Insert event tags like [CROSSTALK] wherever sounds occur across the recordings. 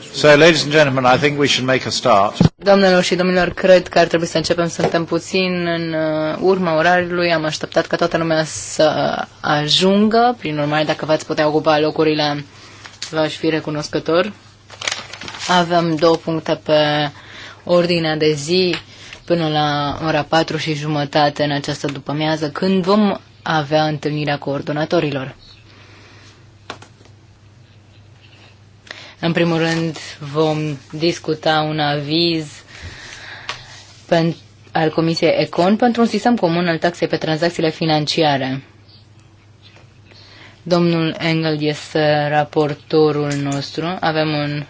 So, ladies and gentlemen, I think we should make a start. și domnilor, cred că ar trebui să începem. Suntem puțin în uh, urma orarului. Am așteptat ca toată lumea să ajungă. Prin urmare, dacă v-ați putea ocupa locurile, v-aș fi recunoscător. Avem două puncte pe ordinea de zi până la ora 4 și jumătate în această după-amiază, când vom avea întâlnirea coordonatorilor. În primul rând vom discuta un aviz al Comisiei Econ pentru un sistem comun al taxei pe tranzacțiile financiare. Domnul Engel este raportorul nostru. Avem un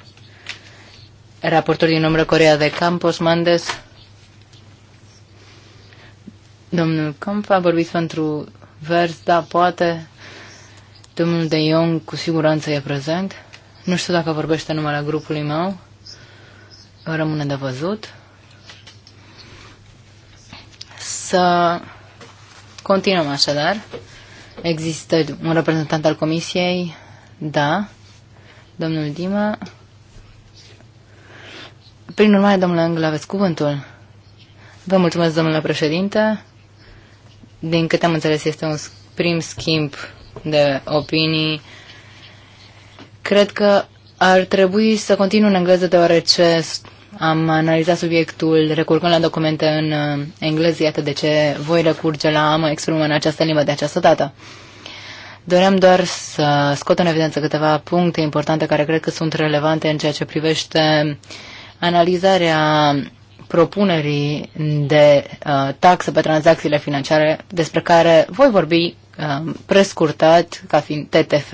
raportor din numără Corea de Campos Mandes. Domnul Camp a vorbit pentru vers, da, poate. Domnul De Jong cu siguranță e prezent. Nu știu dacă vorbește numele grupului meu. Rămâne de văzut. Să continuăm așadar. Există un reprezentant al comisiei? Da. Domnul Dima. Prin urmare, domnule Angel, aveți cuvântul. Vă mulțumesc, domnule președinte. Din câte am înțeles, este un prim schimb de opinii Cred că ar trebui să continu în engleză deoarece am analizat subiectul recurgând la documente în uh, engleză, iată de ce voi recurge la mă exprimă în această limbă de această dată. Doream doar să scot în evidență câteva puncte importante care cred că sunt relevante în ceea ce privește analizarea propunerii de uh, taxă pe tranzacțiile financiare despre care voi vorbi uh, prescurtat ca fiind TTF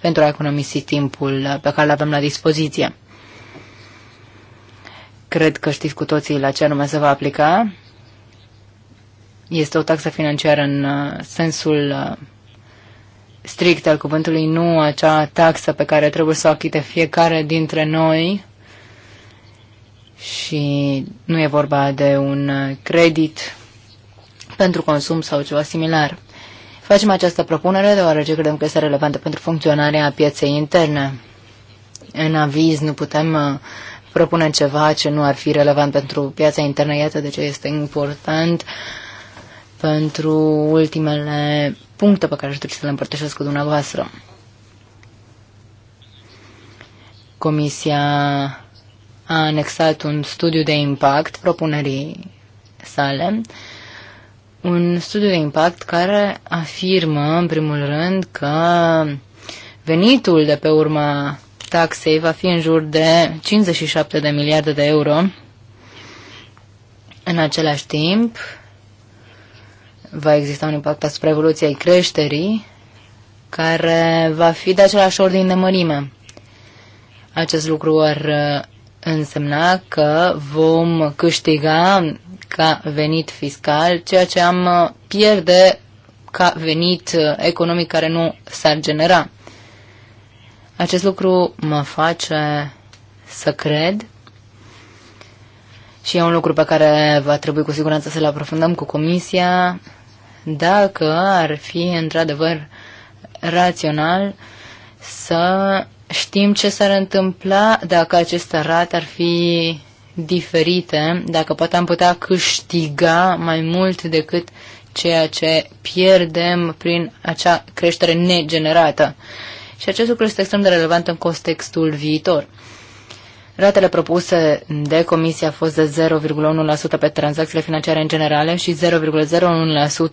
pentru a economisi timpul uh, pe care îl avem la dispoziție. Cred că știți cu toții la ce anume se va aplica. Este o taxă financiară în uh, sensul uh, strict al cuvântului, nu acea taxă pe care trebuie să o achite fiecare dintre noi și nu e vorba de un credit pentru consum sau ceva similar. Facem această propunere deoarece credem că este relevantă pentru funcționarea pieței interne. În aviz nu putem uh, propune ceva ce nu ar fi relevant pentru piața internă. Iată de ce este important pentru ultimele puncte pe care aș dori să le împărtășesc cu dumneavoastră. Comisia a anexat un studiu de impact propunerii sale un studiu de impact care afirmă, în primul rând, că venitul de pe urma taxei va fi în jur de 57 de miliarde de euro. În același timp, va exista un impact asupra evoluției creșterii, care va fi de același ordin de mărime. Acest lucru ar uh, însemna că vom câștiga ca venit fiscal, ceea ce am uh, pierde ca venit uh, economic care nu s-ar genera. Acest lucru mă face să cred și e un lucru pe care va trebui cu siguranță să-l aprofundăm cu comisia dacă ar fi într-adevăr rațional să știm ce s-ar întâmpla dacă aceste rate ar fi diferite, dacă poate am putea câștiga mai mult decât ceea ce pierdem prin acea creștere negenerată. Și acest lucru este extrem de relevant în contextul viitor. Ratele propuse de comisie a fost de 0,1% pe tranzacțiile financiare în generale și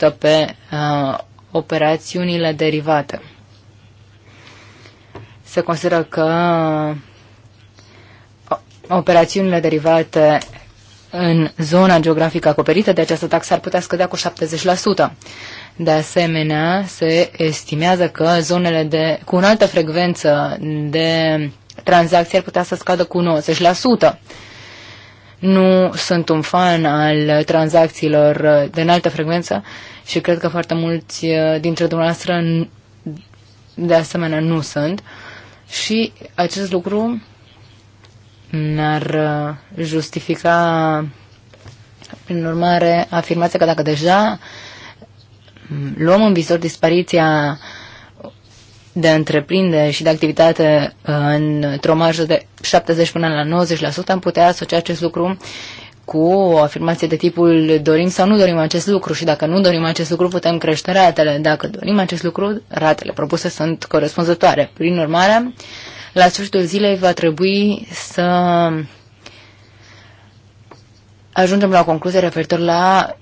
0,01% pe uh, operațiunile derivate. Se consideră că operațiunile derivate în zona geografică acoperită de această taxă ar putea scădea cu 70%. De asemenea, se estimează că zonele de, cu o altă frecvență de tranzacții ar putea să scadă cu 90%. Nu sunt un fan al tranzacțiilor de înaltă frecvență și cred că foarte mulți uh, dintre dumneavoastră de asemenea nu sunt. Și acest lucru n-ar uh, justifica, prin urmare, afirmația că dacă deja mm, luăm în vizor dispariția de întreprinde și de activitate uh, într-o marjă de 70 până la 90%, am putea asocia acest lucru cu o afirmație de tipul dorim sau nu dorim acest lucru și dacă nu dorim acest lucru putem crește ratele. Dacă dorim acest lucru, ratele propuse sunt corespunzătoare. Prin urmare, uh, la sfârșitul zilei va trebui să ajungem la o concluzie referitor la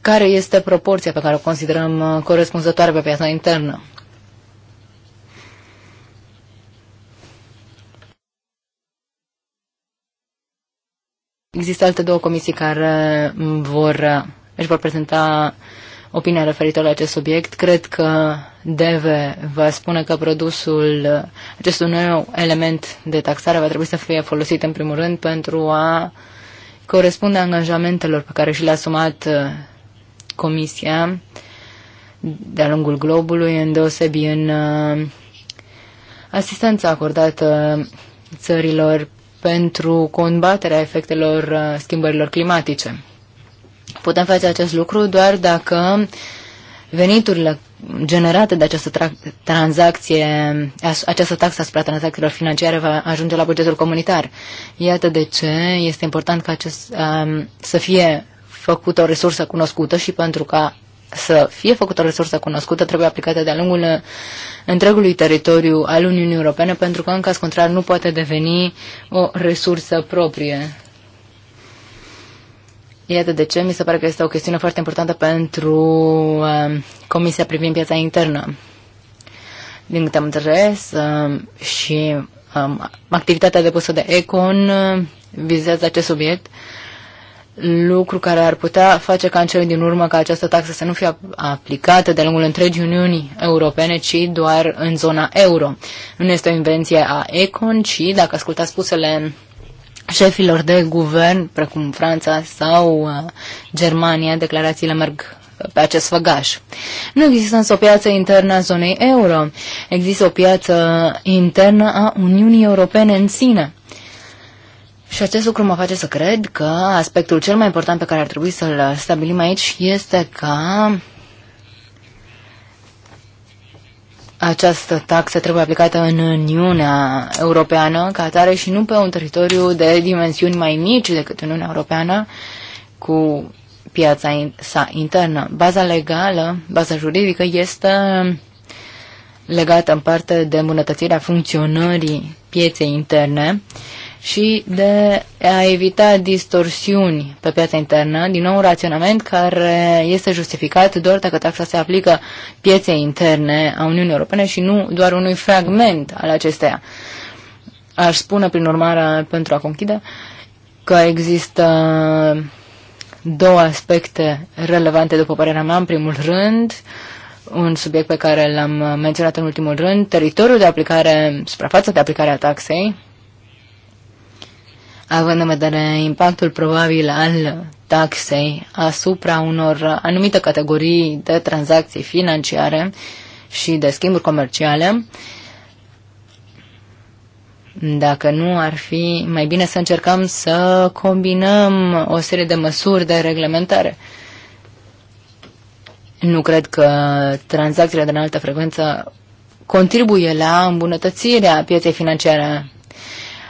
care este proporția pe care o considerăm corespunzătoare pe piața internă. Există alte două comisii care vor, își vor prezenta opinia referitor la acest subiect. Cred că DEVE va spune că produsul acestui nou element de taxare va trebui să fie folosit în primul rând pentru a corespunde angajamentelor pe care și le-a asumat uh, Comisia de-a lungul globului, deosebi în uh, asistența acordată țărilor pentru combaterea efectelor uh, schimbărilor climatice. Putem face acest lucru doar dacă veniturile generate de această tra- tranzacție, această taxă asupra tranzacțiilor financiare va ajunge la bugetul comunitar. Iată de ce este important ca acest, um, să fie făcută o resursă cunoscută și pentru ca să fie făcută o resursă cunoscută trebuie aplicată de-a lungul întregului teritoriu al Uniunii Europene pentru că în caz contrar nu poate deveni o resursă proprie. Iată de ce mi se pare că este o chestiune foarte importantă pentru uh, Comisia privind piața internă. Din câte am înțeles, uh, și um, activitatea depusă de Econ uh, vizează acest subiect, lucru care ar putea face ca în cele din urmă ca această taxă să nu fie aplicată de lungul întregii Uniunii Europene, ci doar în zona euro. Nu este o invenție a Econ, ci, dacă ascultați spusele șefilor de guvern, precum Franța sau uh, Germania, declarațiile merg pe acest făgaș. Nu există însă o piață internă a zonei euro. Există o piață internă a Uniunii Europene în sine. Și acest lucru mă face să cred că aspectul cel mai important pe care ar trebui să-l stabilim aici este că această taxă trebuie aplicată în Uniunea Europeană ca atare și nu pe un teritoriu de dimensiuni mai mici decât Uniunea Europeană cu piața sa internă. Baza legală, baza juridică este legată în parte de îmbunătățirea funcționării pieței interne și de a evita distorsiuni pe piața internă. Din nou, un raționament care este justificat doar dacă taxa se aplică pieței interne a Uniunii Europene și nu doar unui fragment al acesteia. Aș spune, prin urmare, pentru a conchide, că există două aspecte relevante, după părerea mea. În primul rând, un subiect pe care l-am menționat în ultimul rând, teritoriul de aplicare, suprafața de aplicare a taxei, având în vedere impactul probabil al taxei asupra unor anumite categorii de tranzacții financiare și de schimburi comerciale, dacă nu ar fi mai bine să încercăm să combinăm o serie de măsuri de reglementare. Nu cred că tranzacțiile de înaltă frecvență contribuie la îmbunătățirea pieței financiare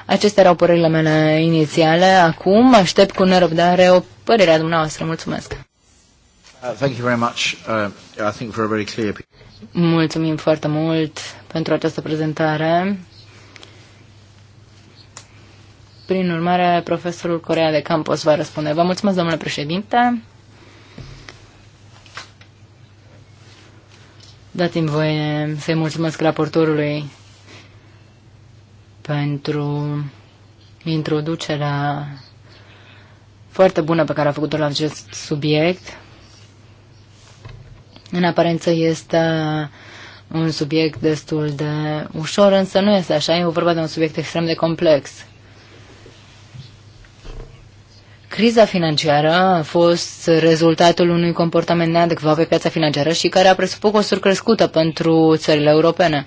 Acestea erau părerile mele inițiale. Acum aștept cu nerăbdare o părere a dumneavoastră. Mulțumesc! Uh, uh, Mulțumim foarte mult pentru această prezentare. Prin urmare, profesorul Corea de Campos va răspunde. Vă mulțumesc, domnule președinte. Dați-mi voie să-i mulțumesc raportorului pentru introducerea foarte bună pe care a făcut-o la acest subiect. În aparență este un subiect destul de ușor, însă nu este așa, e vorba de un subiect extrem de complex. Criza financiară a fost rezultatul unui comportament neadecvat pe piața financiară și care a presupus costuri crescută pentru țările europene.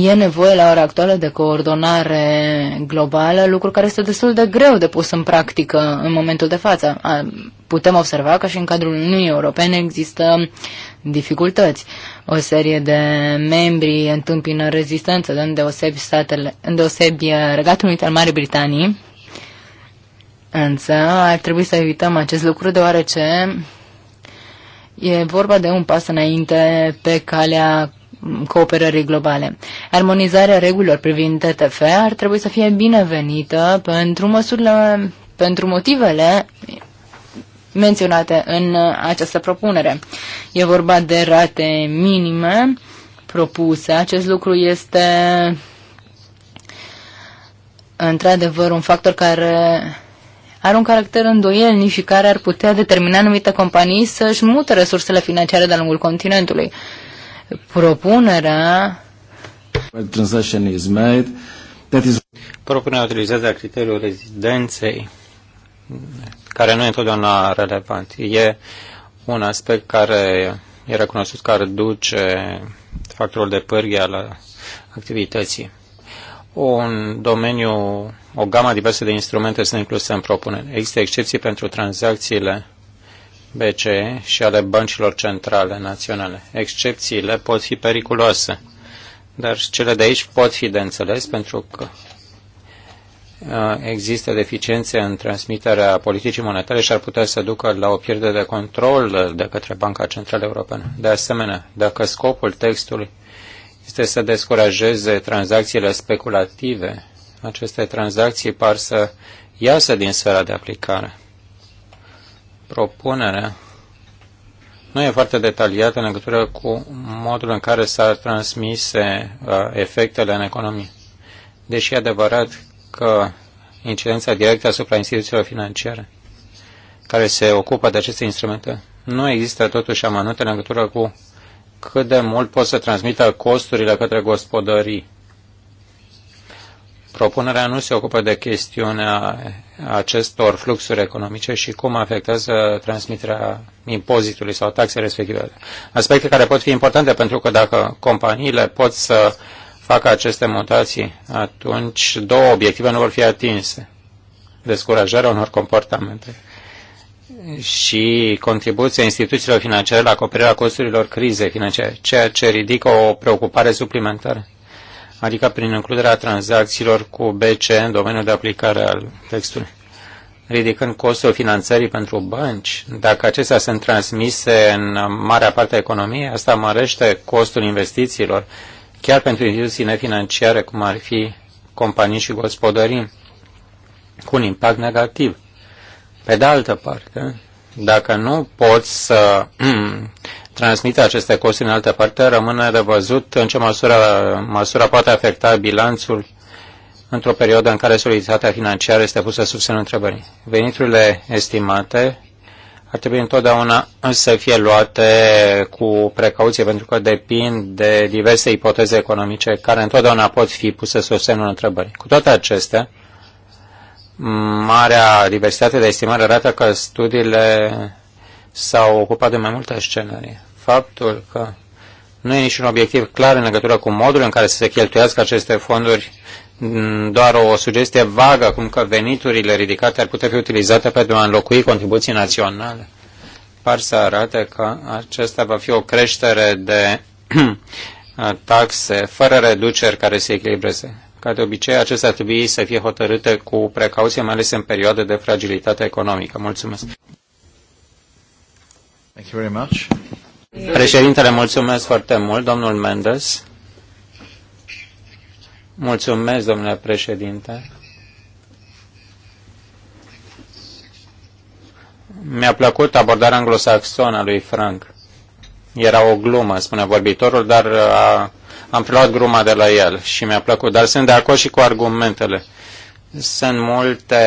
E nevoie la ora actuală de coordonare globală, lucru care este destul de greu de pus în practică în momentul de față. Putem observa că și în cadrul Uniunii Europene există dificultăți. O serie de membri întâmpină rezistență, de îndeosebi, statele, îndeosebi Regatul Unit al Marii Britanii, însă ar trebui să evităm acest lucru deoarece E vorba de un pas înainte pe calea cooperării globale. Armonizarea regulilor privind TTF ar trebui să fie binevenită pentru măsurile, pentru motivele menționate în această propunere. E vorba de rate minime propuse. Acest lucru este într-adevăr un factor care are un caracter îndoielnic și care ar putea determina anumite companii să-și mute resursele financiare de-a lungul continentului. Propunerea transaction is made, that is... Propunerea utilizează criteriul rezidenței, care nu e întotdeauna relevant. E un aspect care e recunoscut că reduce factorul de pârghie al activității. Un domeniu, o gamă diversă de instrumente sunt incluse în propunere. Există excepții pentru tranzacțiile BCE și ale băncilor centrale naționale. Excepțiile pot fi periculoase, dar cele de aici pot fi de înțeles pentru că uh, există deficiențe în transmiterea politicii monetare și ar putea să ducă la o pierdere de control de către Banca Centrală Europeană. De asemenea, dacă scopul textului este să descurajeze tranzacțiile speculative, aceste tranzacții par să iasă din sfera de aplicare propunerea nu e foarte detaliată în legătură cu modul în care s-ar transmise uh, efectele în economie. Deși e adevărat că incidența directă asupra instituțiilor financiare care se ocupă de aceste instrumente, nu există totuși amănunte în legătură cu cât de mult pot să transmită costurile către gospodării Propunerea nu se ocupă de chestiunea acestor fluxuri economice și cum afectează transmiterea impozitului sau taxe respective. Aspecte care pot fi importante pentru că dacă companiile pot să facă aceste mutații, atunci două obiective nu vor fi atinse. Descurajarea unor comportamente și contribuția instituțiilor financiare la acoperirea costurilor crizei financiare, ceea ce ridică o preocupare suplimentară adică prin includerea tranzacțiilor cu BCE în domeniul de aplicare al textului, ridicând costul finanțării pentru bănci. Dacă acestea sunt transmise în marea parte a economiei, asta mărește costul investițiilor, chiar pentru instituții nefinanciare, cum ar fi companii și gospodării, cu un impact negativ. Pe de altă parte, dacă nu poți să [CLEARS THROAT] transmite aceste costuri în altă parte, rămâne de văzut în ce măsură, măsură poate afecta bilanțul într-o perioadă în care soliditatea financiară este pusă sub semnul întrebării. Veniturile estimate ar trebui întotdeauna să fie luate cu precauție pentru că depind de diverse ipoteze economice care întotdeauna pot fi puse sub semnul întrebării. Cu toate acestea, marea diversitate de estimare arată că studiile s-au ocupat de mai multe scenarii. Faptul că nu e niciun obiectiv clar în legătură cu modul în care să se cheltuiască aceste fonduri, mm, doar o sugestie vagă, cum că veniturile ridicate ar putea fi utilizate pentru a înlocui contribuții naționale. Par să arate că acesta va fi o creștere de [CLEARS THROAT] taxe fără reduceri care se echilibreze. Ca de obicei, acestea ar trebui să fie hotărâte cu precauție, mai ales în perioade de fragilitate economică. Mulțumesc! Thank you very much. Președintele, mulțumesc foarte mult, domnul Mendes. Mulțumesc, domnule președinte. Mi-a plăcut abordarea anglosaxonă a lui Frank. Era o glumă, spune vorbitorul, dar uh, a, am preluat gluma de la el și mi-a plăcut. Dar sunt de acord și cu argumentele. Sunt multe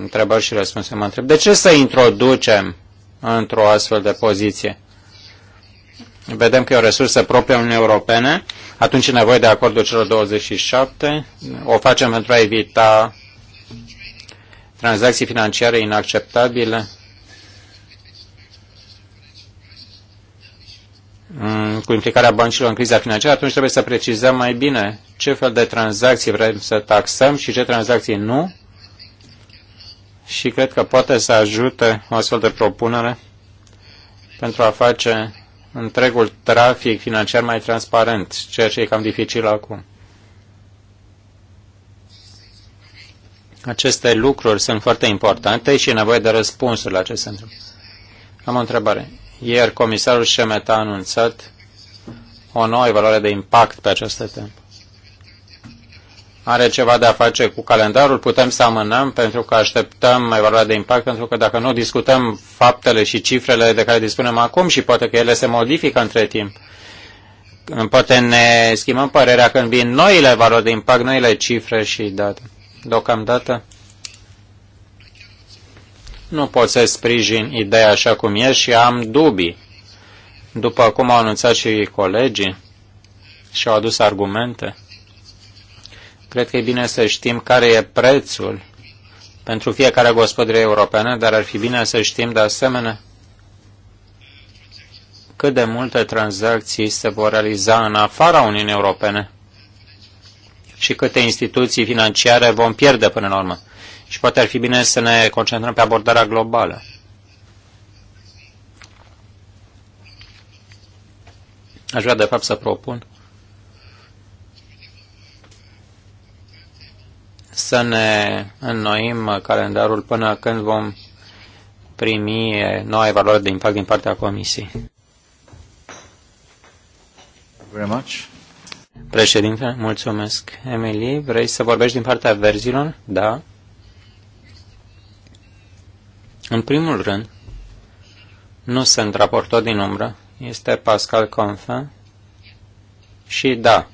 întrebări și răspunsuri. Mă întreb, de ce să introducem într-o astfel de poziție. Vedem că e o resursă proprie a Uniunii Europene, atunci e nevoie de acordul celor 27. O facem pentru a evita tranzacții financiare inacceptabile mm, cu implicarea băncilor în criza financiară, atunci trebuie să precizăm mai bine ce fel de tranzacții vrem să taxăm și ce tranzacții nu și cred că poate să ajute o astfel de propunere pentru a face întregul trafic financiar mai transparent, ceea ce e cam dificil acum. Aceste lucruri sunt foarte importante și e nevoie de răspunsuri la aceste întrebări. Am o întrebare. Ieri comisarul Șemeta a anunțat o nouă evaluare de impact pe această temă are ceva de a face cu calendarul, putem să amânăm pentru că așteptăm evaluarea de impact, pentru că dacă nu discutăm faptele și cifrele de care dispunem acum și poate că ele se modifică între timp, poate ne schimbăm părerea când vin noile valori de impact, noile cifre și date. Deocamdată nu pot să sprijin ideea așa cum e și am dubii. După cum au anunțat și colegii și au adus argumente, Cred că e bine să știm care e prețul pentru fiecare gospodărie europeană, dar ar fi bine să știm de asemenea cât de multe tranzacții se vor realiza în afara Uniunii Europene și câte instituții financiare vom pierde până în urmă. Și poate ar fi bine să ne concentrăm pe abordarea globală. Aș vrea, de fapt, să propun să ne înnoim calendarul până când vom primi noua evaluare de impact din partea Comisiei. Very much. Președinte, mulțumesc. Emily, vrei să vorbești din partea verzilor? Da. În primul rând, nu sunt raportor din umbră, este Pascal Confin și da,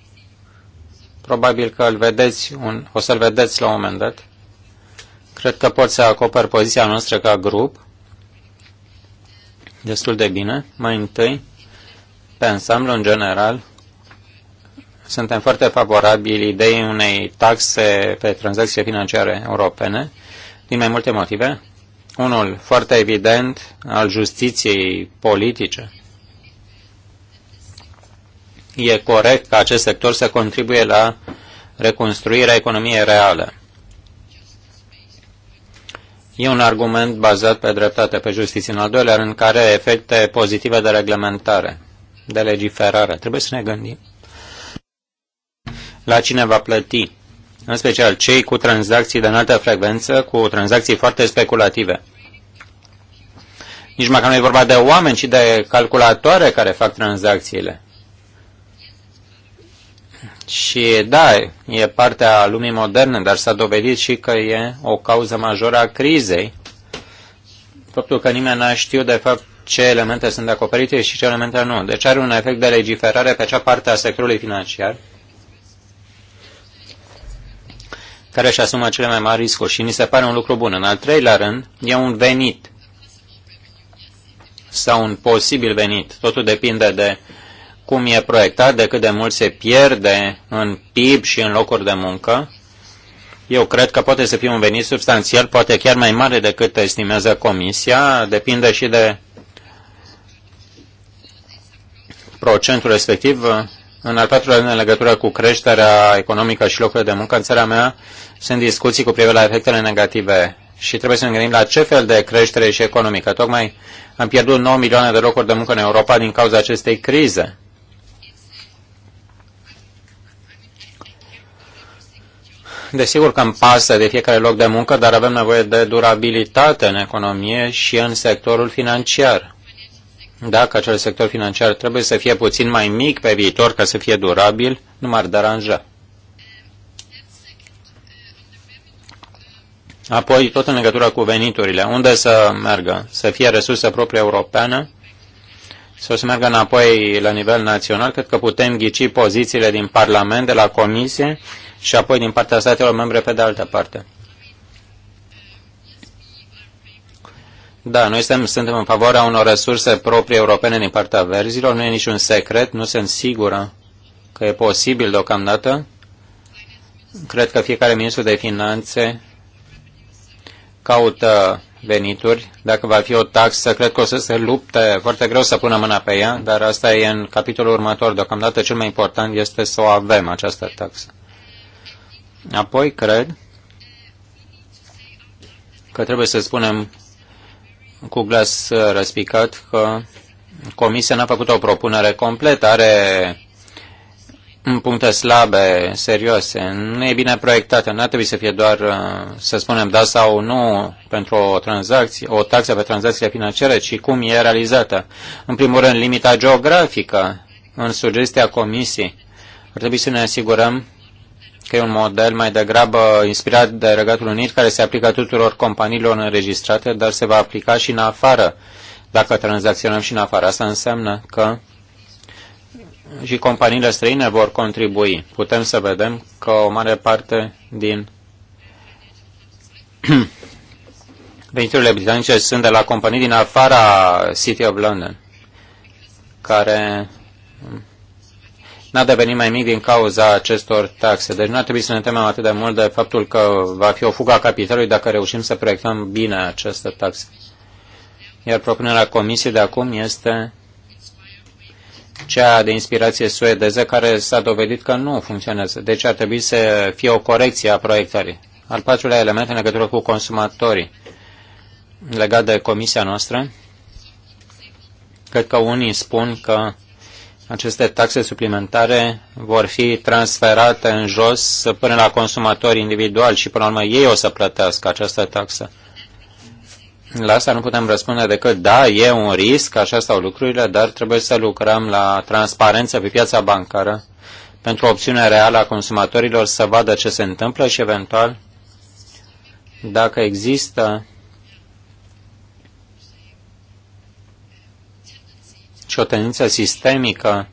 Probabil că îl vedeți, un, o să-l vedeți la un moment dat. Cred că pot să acoper poziția noastră ca grup destul de bine. Mai întâi, pe ansamblu, în general, suntem foarte favorabili ideii unei taxe pe tranzacții financiare europene, din mai multe motive. Unul foarte evident al justiției politice. E corect ca acest sector să contribuie la reconstruirea economiei reale. E un argument bazat pe dreptate, pe justiție. În al doilea rând, care efecte pozitive de reglementare, de legiferare. Trebuie să ne gândim la cine va plăti, în special cei cu tranzacții de înaltă frecvență, cu tranzacții foarte speculative. Nici măcar nu e vorba de oameni, ci de calculatoare care fac tranzacțiile. Și da, e partea lumii moderne, dar s-a dovedit și că e o cauză majoră a crizei. Faptul că nimeni n-a știut, de fapt, ce elemente sunt acoperite și ce elemente nu. Deci are un efect de legiferare pe acea parte a sectorului financiar care își asumă cele mai mari riscuri și ni se pare un lucru bun. În al treilea rând, e un venit sau un posibil venit. Totul depinde de uh, cum e proiectat, de cât de mult se pierde în PIB și în locuri de muncă, eu cred că poate să fie un venit substanțial, poate chiar mai mare decât estimează Comisia, depinde și de procentul respectiv. În al patrulea, în legătură cu creșterea economică și locurile de muncă, în țara mea sunt discuții cu privire la efectele negative și trebuie să ne gândim la ce fel de creștere și economică. Tocmai am pierdut 9 milioane de locuri de muncă în Europa din cauza acestei crize. Desigur că îmi pasă de fiecare loc de muncă, dar avem nevoie de durabilitate în economie și în sectorul financiar. Dacă acel sector financiar trebuie să fie puțin mai mic pe viitor ca să fie durabil, nu m-ar deranja. Apoi, tot în legătură cu veniturile, unde să meargă? Să fie resursă proprie europeană sau să meargă înapoi la nivel național? Cred că putem ghici pozițiile din Parlament, de la Comisie și apoi din partea statelor membre pe de altă parte. Da, noi suntem, suntem în favoarea unor resurse proprii europene din partea verzilor. Nu e niciun secret, nu sunt sigură că e posibil deocamdată. Cred că fiecare ministru de finanțe caută venituri. Dacă va fi o taxă, cred că o să se lupte foarte greu să pună mâna pe ea, dar asta e în capitolul următor. Deocamdată cel mai important este să o avem, această taxă. Apoi, cred că trebuie să spunem cu glas răspicat că Comisia n-a făcut o propunere completă, are puncte slabe, serioase, nu e bine proiectată, n-ar trebui să fie doar, uh, să spunem, da sau nu pentru o tranzacție, o taxă pe tranzacțiile financiare, ci cum e realizată. În primul rând, limita geografică în sugestia Comisiei. Ar trebui să ne asigurăm că e un model mai degrabă inspirat de Regatul Unit, care se aplică tuturor companiilor înregistrate, dar se va aplica și în afară, dacă tranzacționăm și în afară. Asta înseamnă că și companiile străine vor contribui. Putem să vedem că o mare parte din [CLEARS THROAT] veniturile britanice sunt de la companii din afara City of London, care n-a devenit mai mic din cauza acestor taxe. Deci nu ar trebui să ne temem atât de mult de faptul că va fi o fugă a capitalului dacă reușim să proiectăm bine această taxă. Iar propunerea Comisiei de acum este cea de inspirație suedeză care s-a dovedit că nu funcționează. Deci ar trebui să fie o corecție a proiectării. Al patrulea element în legătură cu consumatorii legat de comisia noastră. Cred că unii spun că aceste taxe suplimentare vor fi transferate în jos până la consumatori individuali și până la urmă ei o să plătească această taxă. La asta nu putem răspunde decât da, e un risc, așa stau lucrurile, dar trebuie să lucrăm la transparență pe piața bancară pentru opțiunea opțiune reală a consumatorilor să vadă ce se întâmplă și eventual dacă există și o tendință sistemică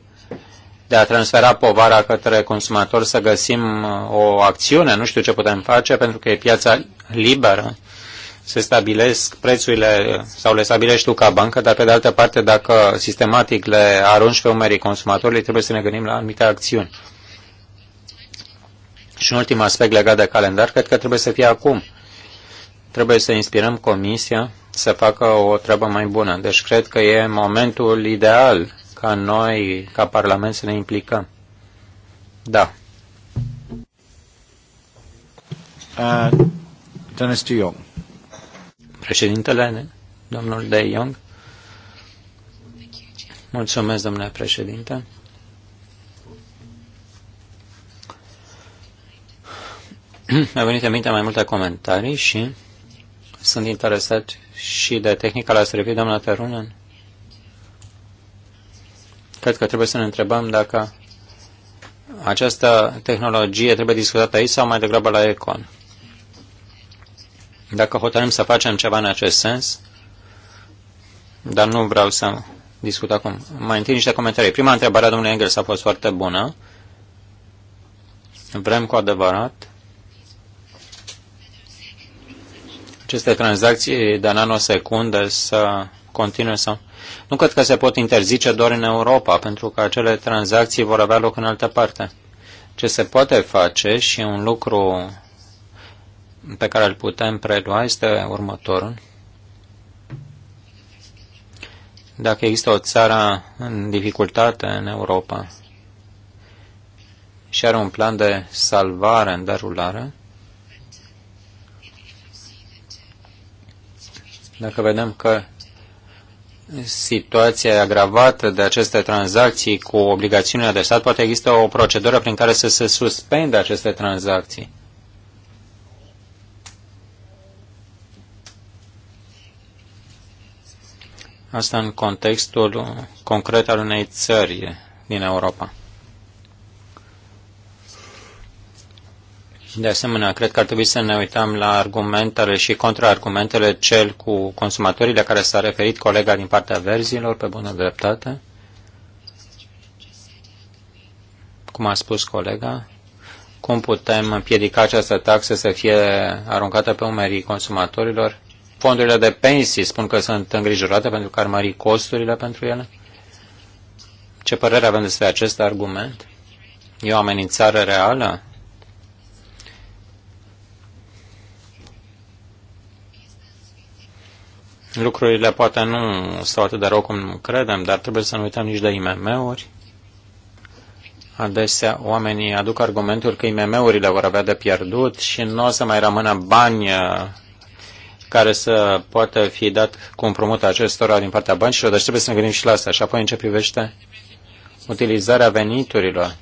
de a transfera povara către consumator, să găsim uh, o acțiune, nu știu ce putem face, pentru că e piața liberă, se stabilesc prețurile uh, sau le stabilești tu ca bancă, dar pe de altă parte, dacă sistematic le arunci pe umerii consumatorului, trebuie să ne gândim la anumite acțiuni. Și un ultim aspect legat de calendar, cred că trebuie să fie acum. Trebuie să inspirăm Comisia să facă o treabă mai bună. Deci cred că e momentul ideal ca noi, ca Parlament, să ne implicăm. Da. Uh, Dennis de Jong. Președintele, domnul de Jong. Mulțumesc, domnule președinte. [CLEARS THROAT] Mi-au venit în minte mai multe comentarii și sunt interesat și de tehnica la serviciu, doamna Terunen. Cred că trebuie să ne întrebăm dacă această tehnologie trebuie discutată aici sau mai degrabă la Econ. Dacă hotărâm să facem ceva în acest sens, dar nu vreau să discut acum. Mai întâi niște comentarii. Prima întrebare a domnului Engels a fost foarte bună. Vrem cu adevărat aceste tranzacții de nanosecunde să continue sau... Nu cred că se pot interzice doar în Europa, pentru că acele tranzacții vor avea loc în altă parte. Ce se poate face și un lucru pe care îl putem prelua este următorul. Dacă există o țară în dificultate în Europa și are un plan de salvare în derulare, Dacă vedem că situația e agravată de aceste tranzacții cu obligațiunea de stat, poate există o procedură prin care să se suspende aceste tranzacții. Asta în contextul concret al unei țări din Europa. De asemenea, cred că ar trebui să ne uităm la argumentele și contraargumentele cel cu consumatorii la care s-a referit colega din partea verzilor, pe bună dreptate. Cum a spus colega, cum putem împiedica această taxă să fie aruncată pe umerii consumatorilor? Fondurile de pensii spun că sunt îngrijorate pentru că ar mări costurile pentru ele. Ce părere avem despre acest argument? E o amenințare reală? lucrurile poate nu stau atât de rău cum credem, dar trebuie să nu uităm nici de IMM-uri. Adesea oamenii aduc argumentul că IMM-urile vor avea de pierdut și nu o să mai rămână bani uh, care să poată fi dat cu împrumut acestora din partea băncilor, deci trebuie să ne gândim și la asta. Și apoi în ce privește utilizarea veniturilor.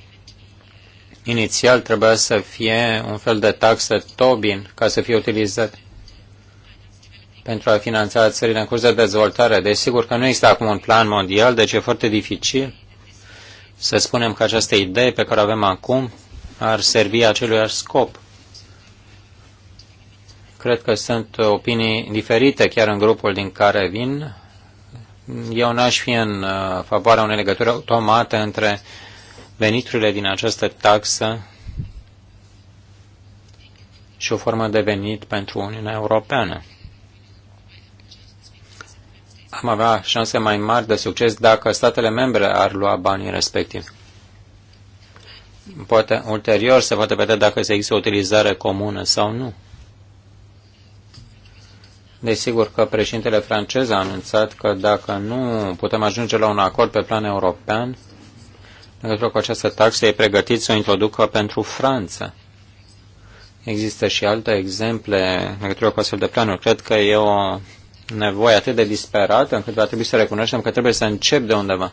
Inițial trebuia să fie un fel de taxă Tobin ca să fie utilizat pentru a finanța țările în curs de dezvoltare. Deci sigur că nu există acum un plan mondial, deci e foarte dificil să spunem că această idee pe care o avem acum ar servi acelui scop. Cred că sunt opinii diferite chiar în grupul din care vin. Eu n-aș fi în uh, favoarea unei legături automate între veniturile din această taxă și o formă de venit pentru Uniunea Europeană am avea șanse mai mari de succes dacă statele membre ar lua banii respectivi. Poate ulterior se poate vedea dacă se există o utilizare comună sau nu. Desigur că președintele francez a anunțat că dacă nu putem ajunge la un acord pe plan european, pentru că această taxă, e pregătit să o introducă pentru Franța. Există și alte exemple în legătură cu astfel de planuri. Cred că e o nevoie atât de disperată încât va trebui să recunoaștem că trebuie să încep de undeva.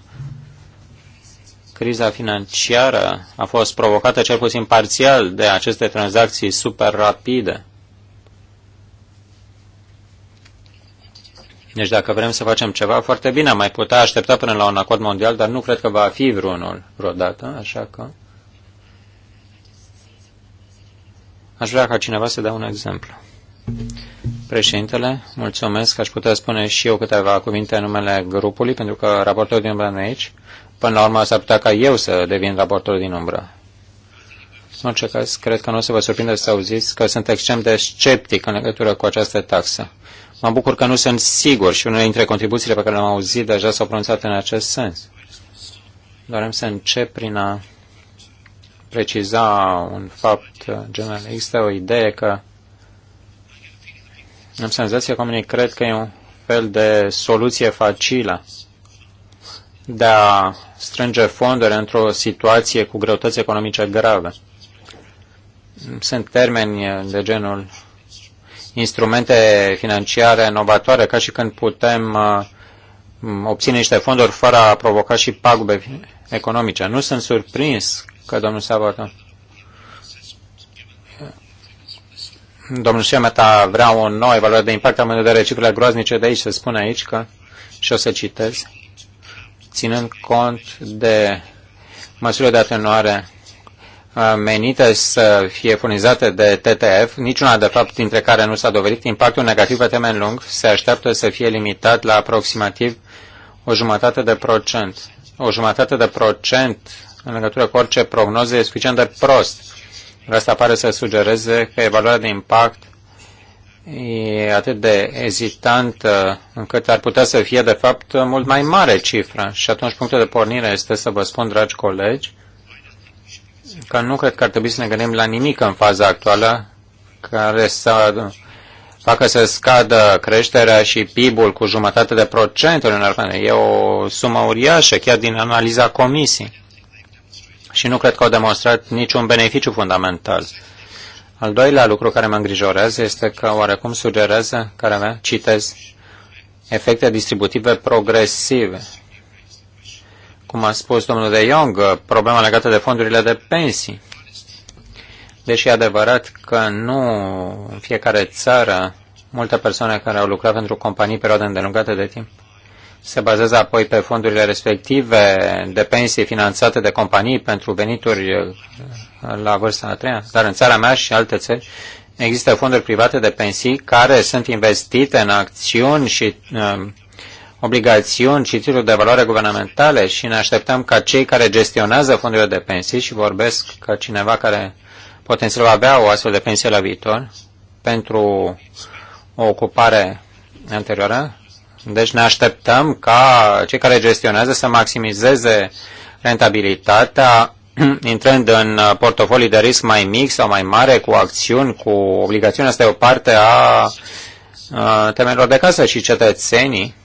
Criza financiară a fost provocată cel puțin parțial de aceste tranzacții super rapide. Deci dacă vrem să facem ceva, foarte bine, am mai putea aștepta până la un acord mondial, dar nu cred că va fi vreunul vreodată, așa că... Aș vrea ca cineva să dea un exemplu. Președintele, mulțumesc că aș putea spune și eu câteva cuvinte în numele grupului, pentru că raportorul din umbră nu aici. Până la urmă s-ar putea ca eu să devin raportor din umbră. În orice caz, cred că nu o să vă surprinde să auziți că sunt extrem de sceptic în legătură cu această taxă. Mă bucur că nu sunt sigur și unele dintre contribuțiile pe care le-am auzit deja s-au pronunțat în acest sens. Dorem să încep prin a preciza un fapt general. Există o idee că am senzația că oamenii cred că e un fel de soluție facilă de a strânge fonduri într-o situație cu greutăți economice grave. Sunt termeni de genul instrumente financiare inovatoare, ca și când putem uh, obține niște fonduri fără a provoca și pagube economice. Nu sunt surprins că domnul Sabaton Domnul Șemeta vrea o nouă evaluare de impact în de reciclurile groaznice de aici. Se spune aici că, și o să citez, ținând cont de măsurile de atenuare uh, menite să fie furnizate de TTF, niciuna de fapt dintre care nu s-a dovedit, impactul negativ pe termen lung se așteaptă să fie limitat la aproximativ o jumătate de procent. O jumătate de procent în legătură cu orice prognoză e suficient de prost Asta pare să sugereze că evaluarea de impact e atât de ezitantă încât ar putea să fie, de fapt, mult mai mare cifra. Și atunci punctul de pornire este să vă spun, dragi colegi, că nu cred că ar trebui să ne gândim la nimic în faza actuală care să facă să scadă creșterea și PIB-ul cu jumătate de procent în Europeană. E o sumă uriașă, chiar din analiza comisiei și nu cred că au demonstrat niciun beneficiu fundamental. Al doilea lucru care mă îngrijorează este că oarecum sugerează, care mea, citez, efecte distributive progresive. Cum a spus domnul de Jong, problema legată de fondurile de pensii. Deși e adevărat că nu în fiecare țară multe persoane care au lucrat pentru companii perioade îndelungate de timp se bazează apoi pe fondurile respective de pensii finanțate de companii pentru venituri uh, la vârsta a treia, dar în țara mea și alte țări există fonduri private de pensii care sunt investite în acțiuni și uh, obligațiuni și titluri de valoare guvernamentale și ne așteptăm ca cei care gestionează fondurile de pensii și vorbesc ca cineva care potențial va avea o astfel de pensie la viitor pentru o ocupare anterioară, deci ne așteptăm ca cei care gestionează să maximizeze rentabilitatea [CLEARS THROAT] intrând în portofolii de risc mai mic sau mai mare, cu acțiuni, cu obligațiuni. Asta e o parte a temelor de casă și cetățenii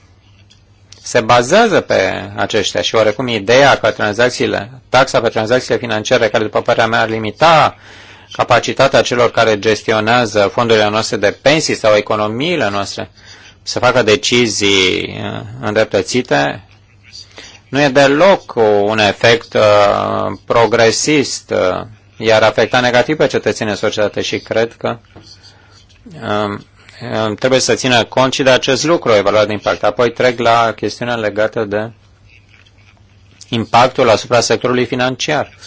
se bazează pe aceștia și oarecum ideea că tranzacțiile, taxa pe tranzacțiile financiare, care după părerea mea ar limita capacitatea celor care gestionează fondurile noastre de pensii sau economiile noastre, să facă decizii uh, îndreptățite, nu e deloc un efect uh, progresist, uh, iar afecta negativ pe cetățenii în societate și cred că uh, trebuie să țină cont și de acest lucru, evaluat de impact. Apoi trec la chestiunea legată de impactul asupra sectorului financiar.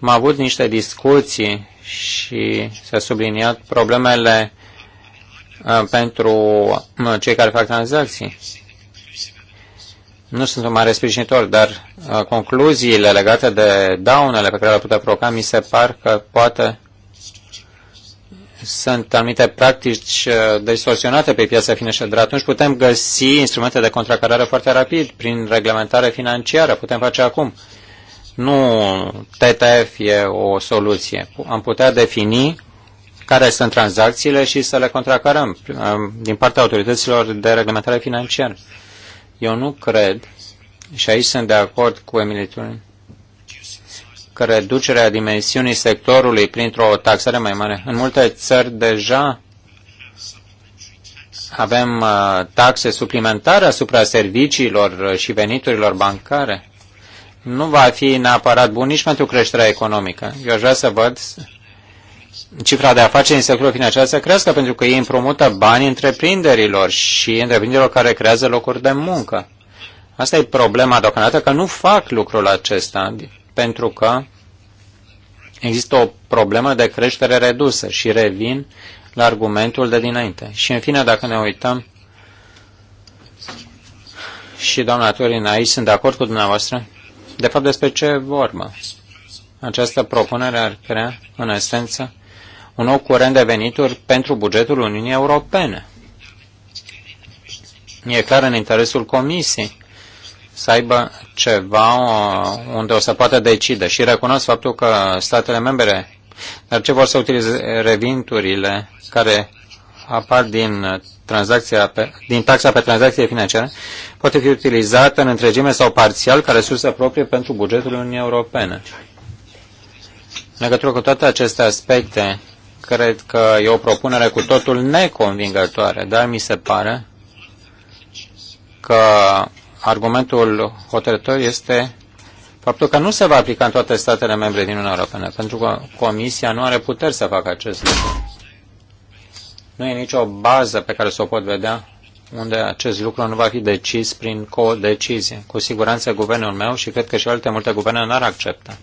Am avut niște discuții și s-a subliniat problemele Uh, pentru uh, cei care fac tranzacții. Nu sunt un mare sprijinitor, dar uh, concluziile legate de daunele pe care le putea provoca mi se par că poate sunt anumite practici distorsionate pe piața financiară, dar atunci putem găsi instrumente de contracarare foarte rapid prin reglementare financiară. Putem face acum. Nu TTF e o soluție. Am putea defini care sunt tranzacțiile și să le contracarăm uh, din partea autorităților de reglementare financiară. Eu nu cred, și aici sunt de acord cu Emilie Turin, că reducerea dimensiunii sectorului printr-o taxare mai mare. În multe țări deja avem uh, taxe suplimentare asupra serviciilor și veniturilor bancare. Nu va fi neapărat bun nici pentru creșterea economică. Eu aș vrea să văd cifra de afaceri în sectorul financiar să crească pentru că ei împrumută bani întreprinderilor și întreprinderilor care creează locuri de muncă. Asta e problema deocamdată, că nu fac lucrul acesta pentru că există o problemă de creștere redusă și revin la argumentul de dinainte. Și în fine, dacă ne uităm, și doamna Turin aici sunt de acord cu dumneavoastră, de fapt despre ce vorbă? Această propunere ar crea, în esență, un nou curent de venituri pentru bugetul Uniunii Europene. E clar în interesul Comisiei să aibă ceva uh, unde o să poată decide și recunosc faptul că statele membre, dar ce vor să utilizeze revinturile care apar din, tranzacția pe, din taxa pe tranzacție financiare, poate fi utilizată în întregime sau parțial ca resursă proprie pentru bugetul Uniunii Europene. În legătură cu toate aceste aspecte, Cred că e o propunere cu totul neconvingătoare, dar mi se pare că argumentul hotărător este faptul că nu se va aplica în toate statele membre din Uniunea Europeană, pentru că Comisia nu are puteri să facă acest lucru. Nu e nicio bază pe care să o pot vedea unde acest lucru nu va fi decis prin co-decizie. Cu siguranță guvernul meu și cred că și alte multe guverne n-ar accepta.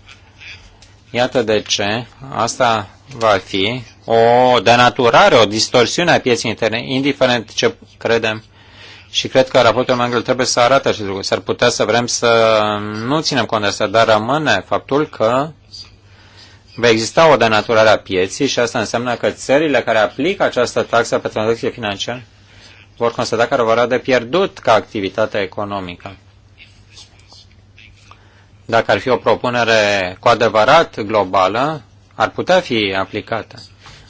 Iată de ce asta va fi o denaturare, o distorsiune a pieței interne, indiferent ce credem. Și cred că raportul Mangel trebuie să arate acest lucru. S-ar putea să vrem să nu ținem cont de asta, dar rămâne faptul că va exista o denaturare a pieții și asta înseamnă că țările care aplică această taxă pe tranzacție financiare vor constata că vor de pierdut ca activitate economică dacă ar fi o propunere cu adevărat globală, ar putea fi aplicată.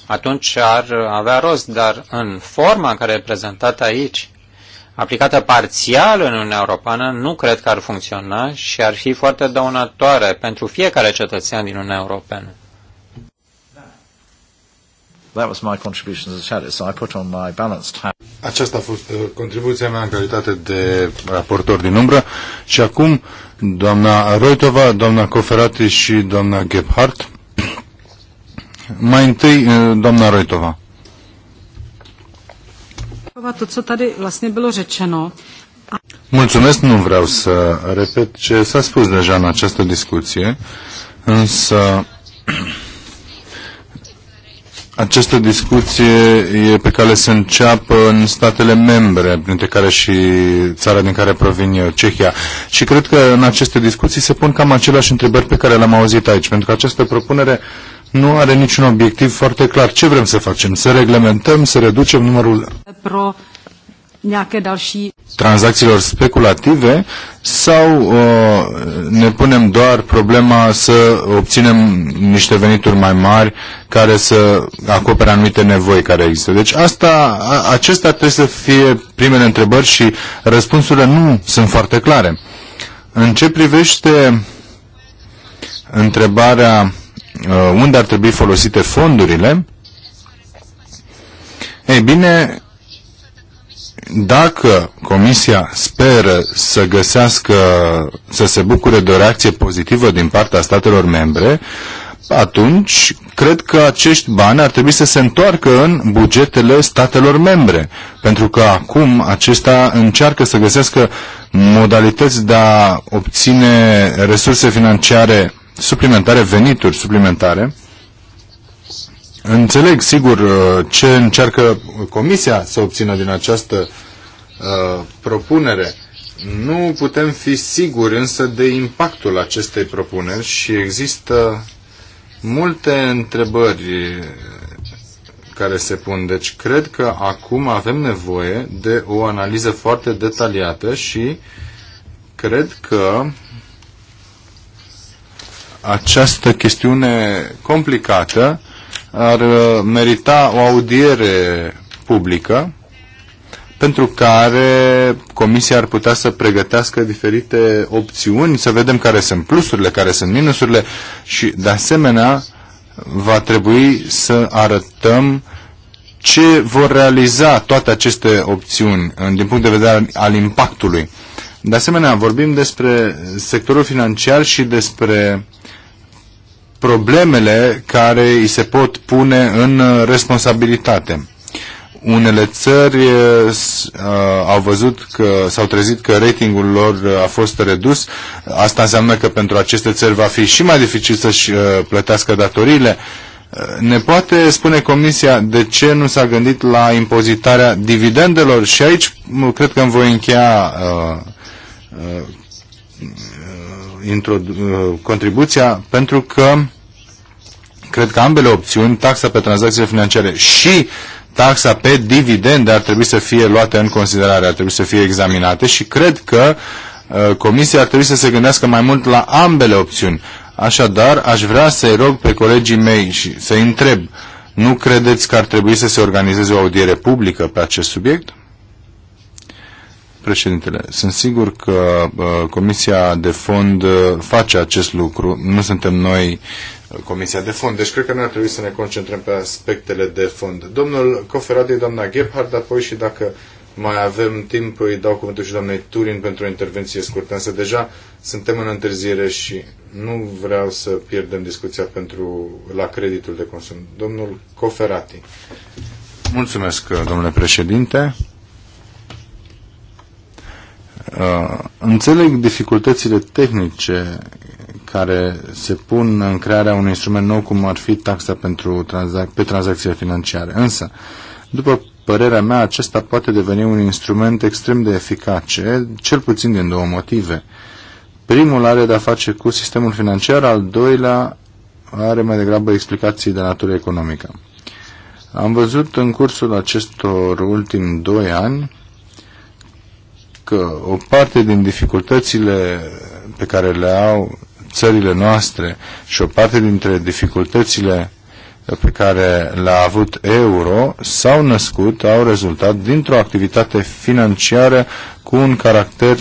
Atunci ar avea rost, dar în forma în care e prezentată aici, aplicată parțial în Uniunea Europeană, nu cred că ar funcționa și ar fi foarte dăunătoare pentru fiecare cetățean din Uniunea Europeană that was my contribution as a shadow, so I put on my balanced hat. Aceasta a fost uh, contribuția mea în calitate de raportor din umbră și acum doamna Roitova, doamna Coferati și doamna Gebhardt. [CLEARS THROAT] Mai întâi uh, doamna Roitova. To, co tady vlastně bylo řečeno. Mulțumesc, nu vreau să repet ce s-a spus deja în această discuție, însă [CLEARS THROAT] Această discuție e pe care se înceapă în statele membre, printre care și țara din care provin eu, Cehia. Și cred că în aceste discuții se pun cam aceleași întrebări pe care le-am auzit aici, pentru că această propunere nu are niciun obiectiv foarte clar. Ce vrem să facem? Să reglementăm, să reducem numărul... Pro nějaké další transakcilor speculative sau uh, ne punem doar problema să obținem niște venituri mai mari care să acopere anumite nevoi care există. Deci asta, acestea trebuie să fie primele întrebări și răspunsurile nu sunt foarte clare. În ce privește întrebarea uh, unde ar trebui folosite fondurile, ei bine, dacă Comisia speră să găsească, să se bucure de o reacție pozitivă din partea statelor membre, atunci cred că acești bani ar trebui să se întoarcă în bugetele statelor membre. Pentru că acum acesta încearcă să găsească modalități de a obține resurse financiare suplimentare, venituri suplimentare, Înțeleg, sigur, uh, ce încearcă Comisia să obțină din această uh, propunere. Nu putem fi siguri însă de impactul acestei propuneri și există multe întrebări uh, care se pun. Deci cred că acum avem nevoie de o analiză foarte detaliată și cred că această chestiune complicată ar uh, merita o audiere publică pentru care comisia ar putea să pregătească diferite opțiuni, să vedem care sunt plusurile, care sunt minusurile și, de asemenea, va trebui să arătăm ce vor realiza toate aceste opțiuni din punct de vedere al impactului. De asemenea, vorbim despre sectorul financiar și despre problemele care îi se pot pune în uh, responsabilitate. Unele țări uh, uh, au văzut că s-au trezit că ratingul lor uh, a fost redus. Asta înseamnă că pentru aceste țări va fi și mai dificil să-și uh, plătească datoriile. ne poate spune Comisia de ce nu s-a gândit la impozitarea dividendelor? Și aici cred că îmi voi încheia uh, uh, Uh, contribuția pentru că cred că ambele opțiuni, taxa pe tranzacțiile financiare și taxa pe dividende ar trebui să fie luate în considerare, ar trebui să fie examinate și cred că uh, Comisia ar trebui să se gândească mai mult la ambele opțiuni. Așadar, aș vrea să-i rog pe colegii mei și să-i întreb, nu credeți că ar trebui să se organizeze o audiere publică pe acest subiect? Președintele, sunt sigur că Comisia de Fond face acest lucru. Nu suntem noi Comisia de Fond, deci cred că noi ar trebui să ne concentrăm pe aspectele de fond. Domnul Coferati, doamna Gebhardt, apoi și dacă mai avem timp, îi dau cuvântul și doamnei Turin pentru o intervenție scurtă, însă deja suntem în întârziere și nu vreau să pierdem discuția pentru, la creditul de consum. Domnul Coferati. Mulțumesc, domnule președinte. Uh, înțeleg dificultățile tehnice care se pun în crearea unui instrument nou, cum ar fi taxa pentru tranzac- pe tranzacțiile financiare. Însă, după părerea mea, acesta poate deveni un instrument extrem de eficace, cel puțin din două motive. Primul are de-a face cu sistemul financiar, al doilea are mai degrabă explicații de natură economică. Am văzut în cursul acestor ultimi doi ani că o parte din dificultățile pe care le au țările noastre și o parte dintre dificultățile pe care le-a avut euro s-au născut, au rezultat dintr-o activitate financiară cu un caracter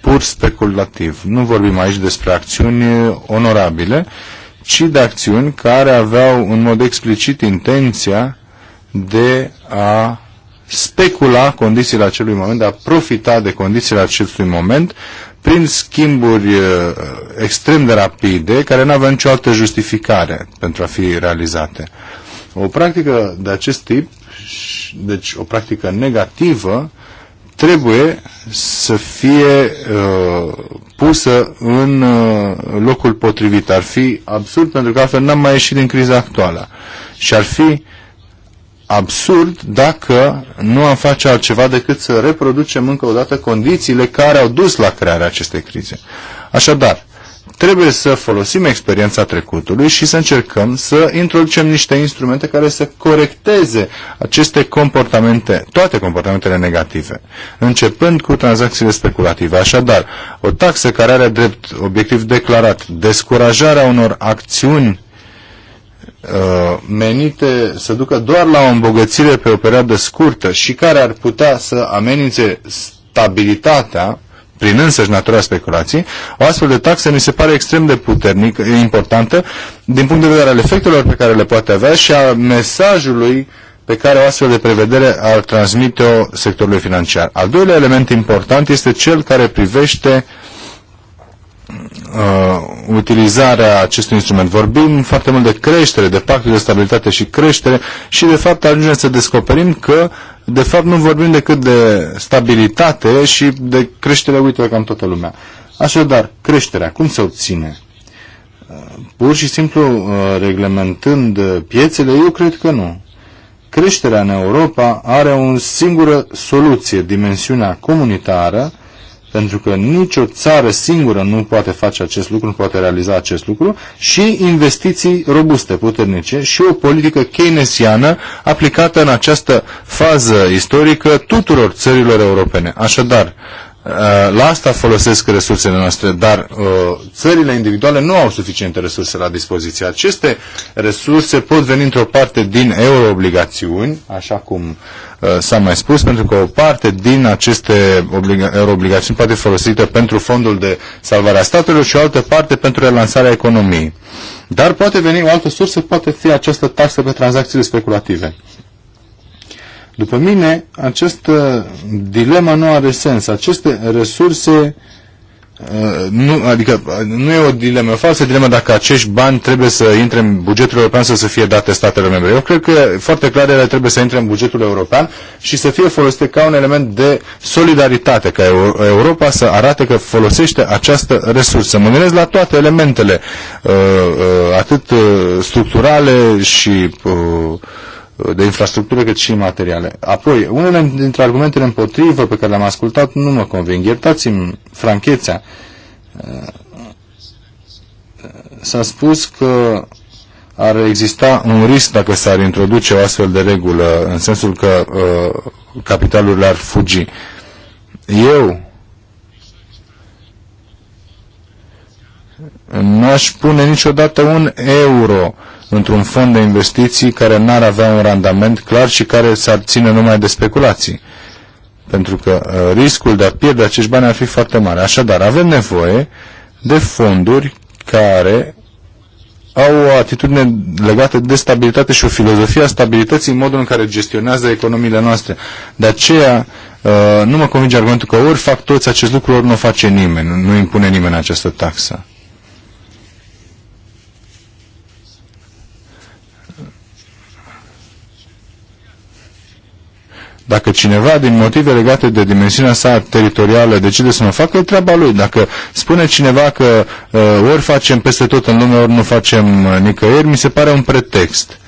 pur speculativ. Nu vorbim aici despre acțiuni onorabile, ci de acțiuni care aveau în mod explicit intenția de a specula condițiile acelui moment, de a profita de condițiile acestui moment prin schimburi uh, extrem de rapide care nu aveau nicio altă justificare pentru a fi realizate. O practică de acest tip, deci o practică negativă, trebuie să fie uh, pusă în uh, locul potrivit. Ar fi absurd pentru că altfel n-am mai ieșit din criza actuală. Și ar fi absurd dacă nu am face altceva decât să reproducem încă o dată condițiile care au dus la crearea acestei crize. Așadar, trebuie să folosim experiența trecutului și să încercăm să introducem niște instrumente care să corecteze aceste comportamente, toate comportamentele negative, începând cu tranzacțiile speculative. Așadar, o taxă care are drept obiectiv declarat descurajarea unor acțiuni Uh, menite să ducă doar la o îmbogățire pe o perioadă scurtă și care ar putea să amenințe stabilitatea prin însăși natura speculației, o astfel de taxă mi se pare extrem de puternic, importantă, din punct de vedere al efectelor pe care le poate avea și a mesajului pe care o astfel de prevedere ar transmite-o sectorului financiar. Al doilea element important este cel care privește uh, utilizarea acestui instrument. Vorbim foarte mult de creștere, de pactul de stabilitate și creștere și de fapt ajungem să descoperim că de fapt nu vorbim decât de stabilitate și de creștere, uite, cam toată lumea. Așadar, creșterea, cum se obține? Pur și simplu uh, reglementând piețele, eu cred că nu. Creșterea în Europa are o singură soluție, dimensiunea comunitară, pentru că nicio țară singură nu poate face acest lucru, nu poate realiza acest lucru, și investiții robuste, puternice, și o politică keynesiană aplicată în această fază istorică tuturor țărilor europene. Așadar, Eh, la asta folosesc resursele noastre, dar eh, țările individuale nu au suficiente resurse la dispoziție. Aceste resurse pot veni într-o parte din euroobligațiuni, așa cum eh, s-a mai spus, pentru că o parte din aceste euroobligațiuni poate fi folosită pentru fondul de salvare a statelor și o altă parte pentru relansarea economiei. Dar poate veni o altă sursă, poate fi această taxă pe tranzacțiile speculative. După mine, această uh, dilemă nu are sens. Aceste resurse, uh, nu, adică uh, nu e o dilemă, e o falsă dilemă dacă acești bani trebuie să intre în bugetul european sau să fie date statelor membre. Eu cred că foarte clar ele trebuie să intre în bugetul european și să fie folosite ca un element de solidaritate, ca Europa să arate că folosește această resursă. Mă gândesc la toate elementele, atât structurale și de infrastructură cât și materiale. Apoi, unele dintre argumentele împotrivă pe care le-am ascultat nu mă conving. Iertați-mi franchețea. S-a spus că ar exista un risc dacă s-ar introduce o astfel de regulă, în sensul că uh, capitalurile ar fugi. Eu nu aș pune niciodată un euro uh, într-un fond de investiții care n-ar avea un randament clar și care s-ar ține numai de speculații. Pentru că uh, riscul de a pierde acești bani ar fi foarte mare. Așadar, avem nevoie de fonduri care au o atitudine legată de stabilitate și o filozofie a stabilității în modul în care gestionează economiile noastre. De aceea, uh, nu mă convinge argumentul că ori fac toți acest lucru, ori nu o face nimeni, nu impune nimeni această taxă. Dacă cineva, din motive legate de dimensiunea sa teritorială, decide să nu facă, e treaba lui. Dacă spune cineva că uh, ori facem peste tot în lume, ori nu facem uh, nicăieri, mi se pare un pretext.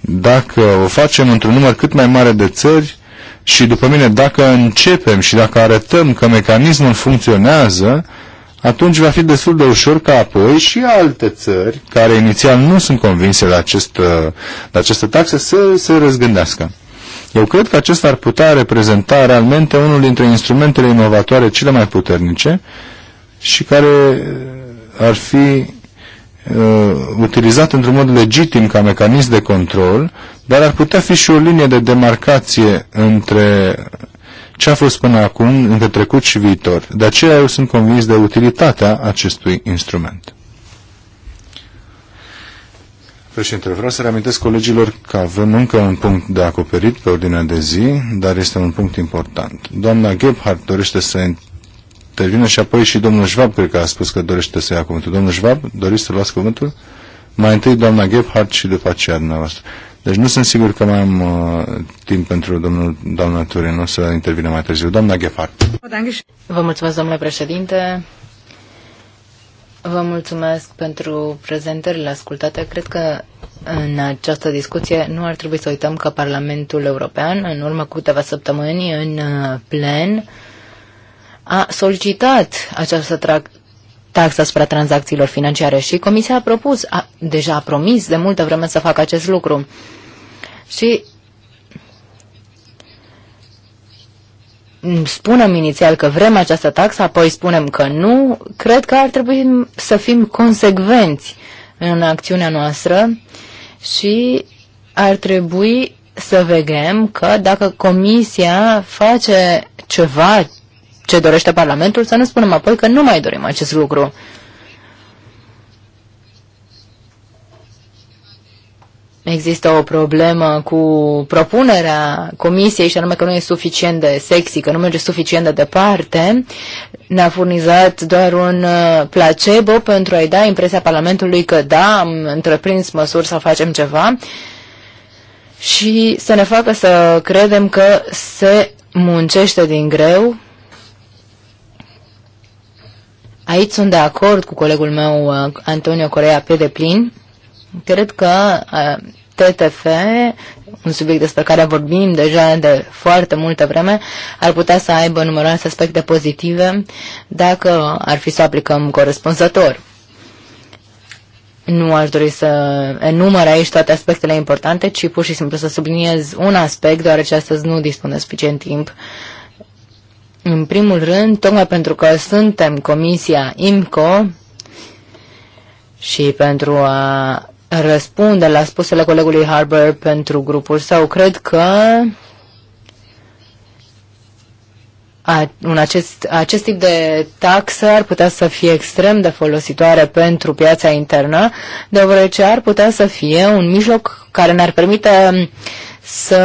Dacă o facem într-un număr cât mai mare de țări și, după mine, dacă începem și dacă arătăm că mecanismul funcționează, atunci va fi destul de ușor ca apoi și alte țări, care inițial nu sunt convinse de, această, uh, de această taxă, să se răzgândească. Eu cred că acesta ar putea reprezenta realmente unul dintre instrumentele inovatoare cele mai puternice și care uh, ar fi uh, utilizat într-un mod legitim ca mecanism de control, dar ar putea fi și o linie de demarcație între ce a fost până acum, între trecut și viitor. De aceea eu sunt convins de utilitatea acestui instrument. Președinte, vreau să reamintesc colegilor că avem încă un punct de acoperit pe ordinea de zi, dar este un punct important. Doamna Gebhardt dorește să intervină și apoi și domnul Schwab, cred că a spus că dorește să ia cuvântul. Domnul Schwab, doriți să luați cuvântul? Mai întâi doamna Gebhardt și după aceea dumneavoastră. Deci nu sunt sigur că mai am uh, timp pentru domnul, doamna Turin, o să intervine mai târziu. Doamna Gebhardt. Vă mulțumesc, domnule președinte. Vă mulțumesc pentru prezentările ascultate. Cred că în această discuție nu ar trebui să uităm că Parlamentul European, în urmă cu câteva săptămâni, în uh, plen, a solicitat această taxă asupra tranzacțiilor financiare și Comisia a propus, a, deja a promis de multă vreme să facă acest lucru. Și spunem inițial că vrem această taxă, apoi spunem că nu, cred că ar trebui să fim consecvenți în acțiunea noastră și ar trebui să vedem că dacă Comisia face ceva ce dorește Parlamentul, să nu spunem apoi că nu mai dorim acest lucru. Există o problemă cu propunerea comisiei și anume că nu e suficient de sexy, că nu merge suficient de departe. Ne-a furnizat doar un uh, placebo pentru a-i da impresia Parlamentului că da, am întreprins măsuri să facem ceva și să ne facă să credem că se muncește din greu. Aici sunt de acord cu colegul meu uh, Antonio Corea pe deplin. Cred că uh, TTF, un subiect despre care vorbim deja de foarte multă vreme, ar putea să aibă numeroase aspecte pozitive dacă ar fi să o aplicăm corespunzător. Nu aș dori să enumăr aici toate aspectele importante, ci pur și simplu să subliniez un aspect, deoarece astăzi nu dispun de suficient timp. În primul rând, tocmai pentru că suntem Comisia IMCO și pentru a răspunde la spusele colegului Harbour pentru grupul său. Cred că a, un acest, acest tip de taxă ar putea să fie extrem de folositoare pentru piața internă, deoarece ar putea să fie un mijloc care ne-ar permite să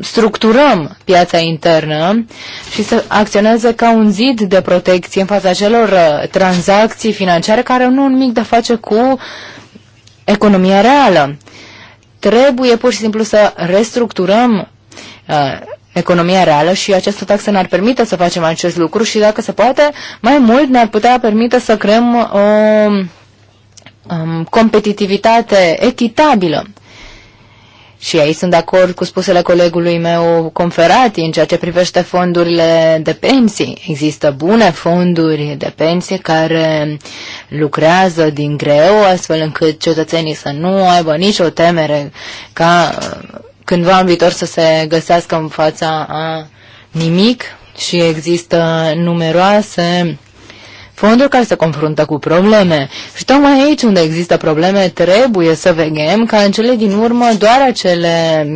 structurăm piața internă și să acționeze ca un zid de protecție în fața celor uh, tranzacții financiare care nu un mic de face cu economia reală. Trebuie pur și simplu să restructurăm uh, economia reală și această taxă ne-ar permite să facem acest lucru și dacă se poate, mai mult ne-ar putea permite să creăm o um, competitivitate echitabilă. Și aici sunt de acord cu spusele colegului meu conferat în ceea ce privește fondurile de pensii. Există bune fonduri de pensii care lucrează din greu astfel încât cetățenii să nu aibă nicio temere ca uh, cândva în viitor să se găsească în fața a nimic și există numeroase fonduri care se confruntă cu probleme. Și tocmai aici unde există probleme trebuie să veghem ca în cele din urmă doar acele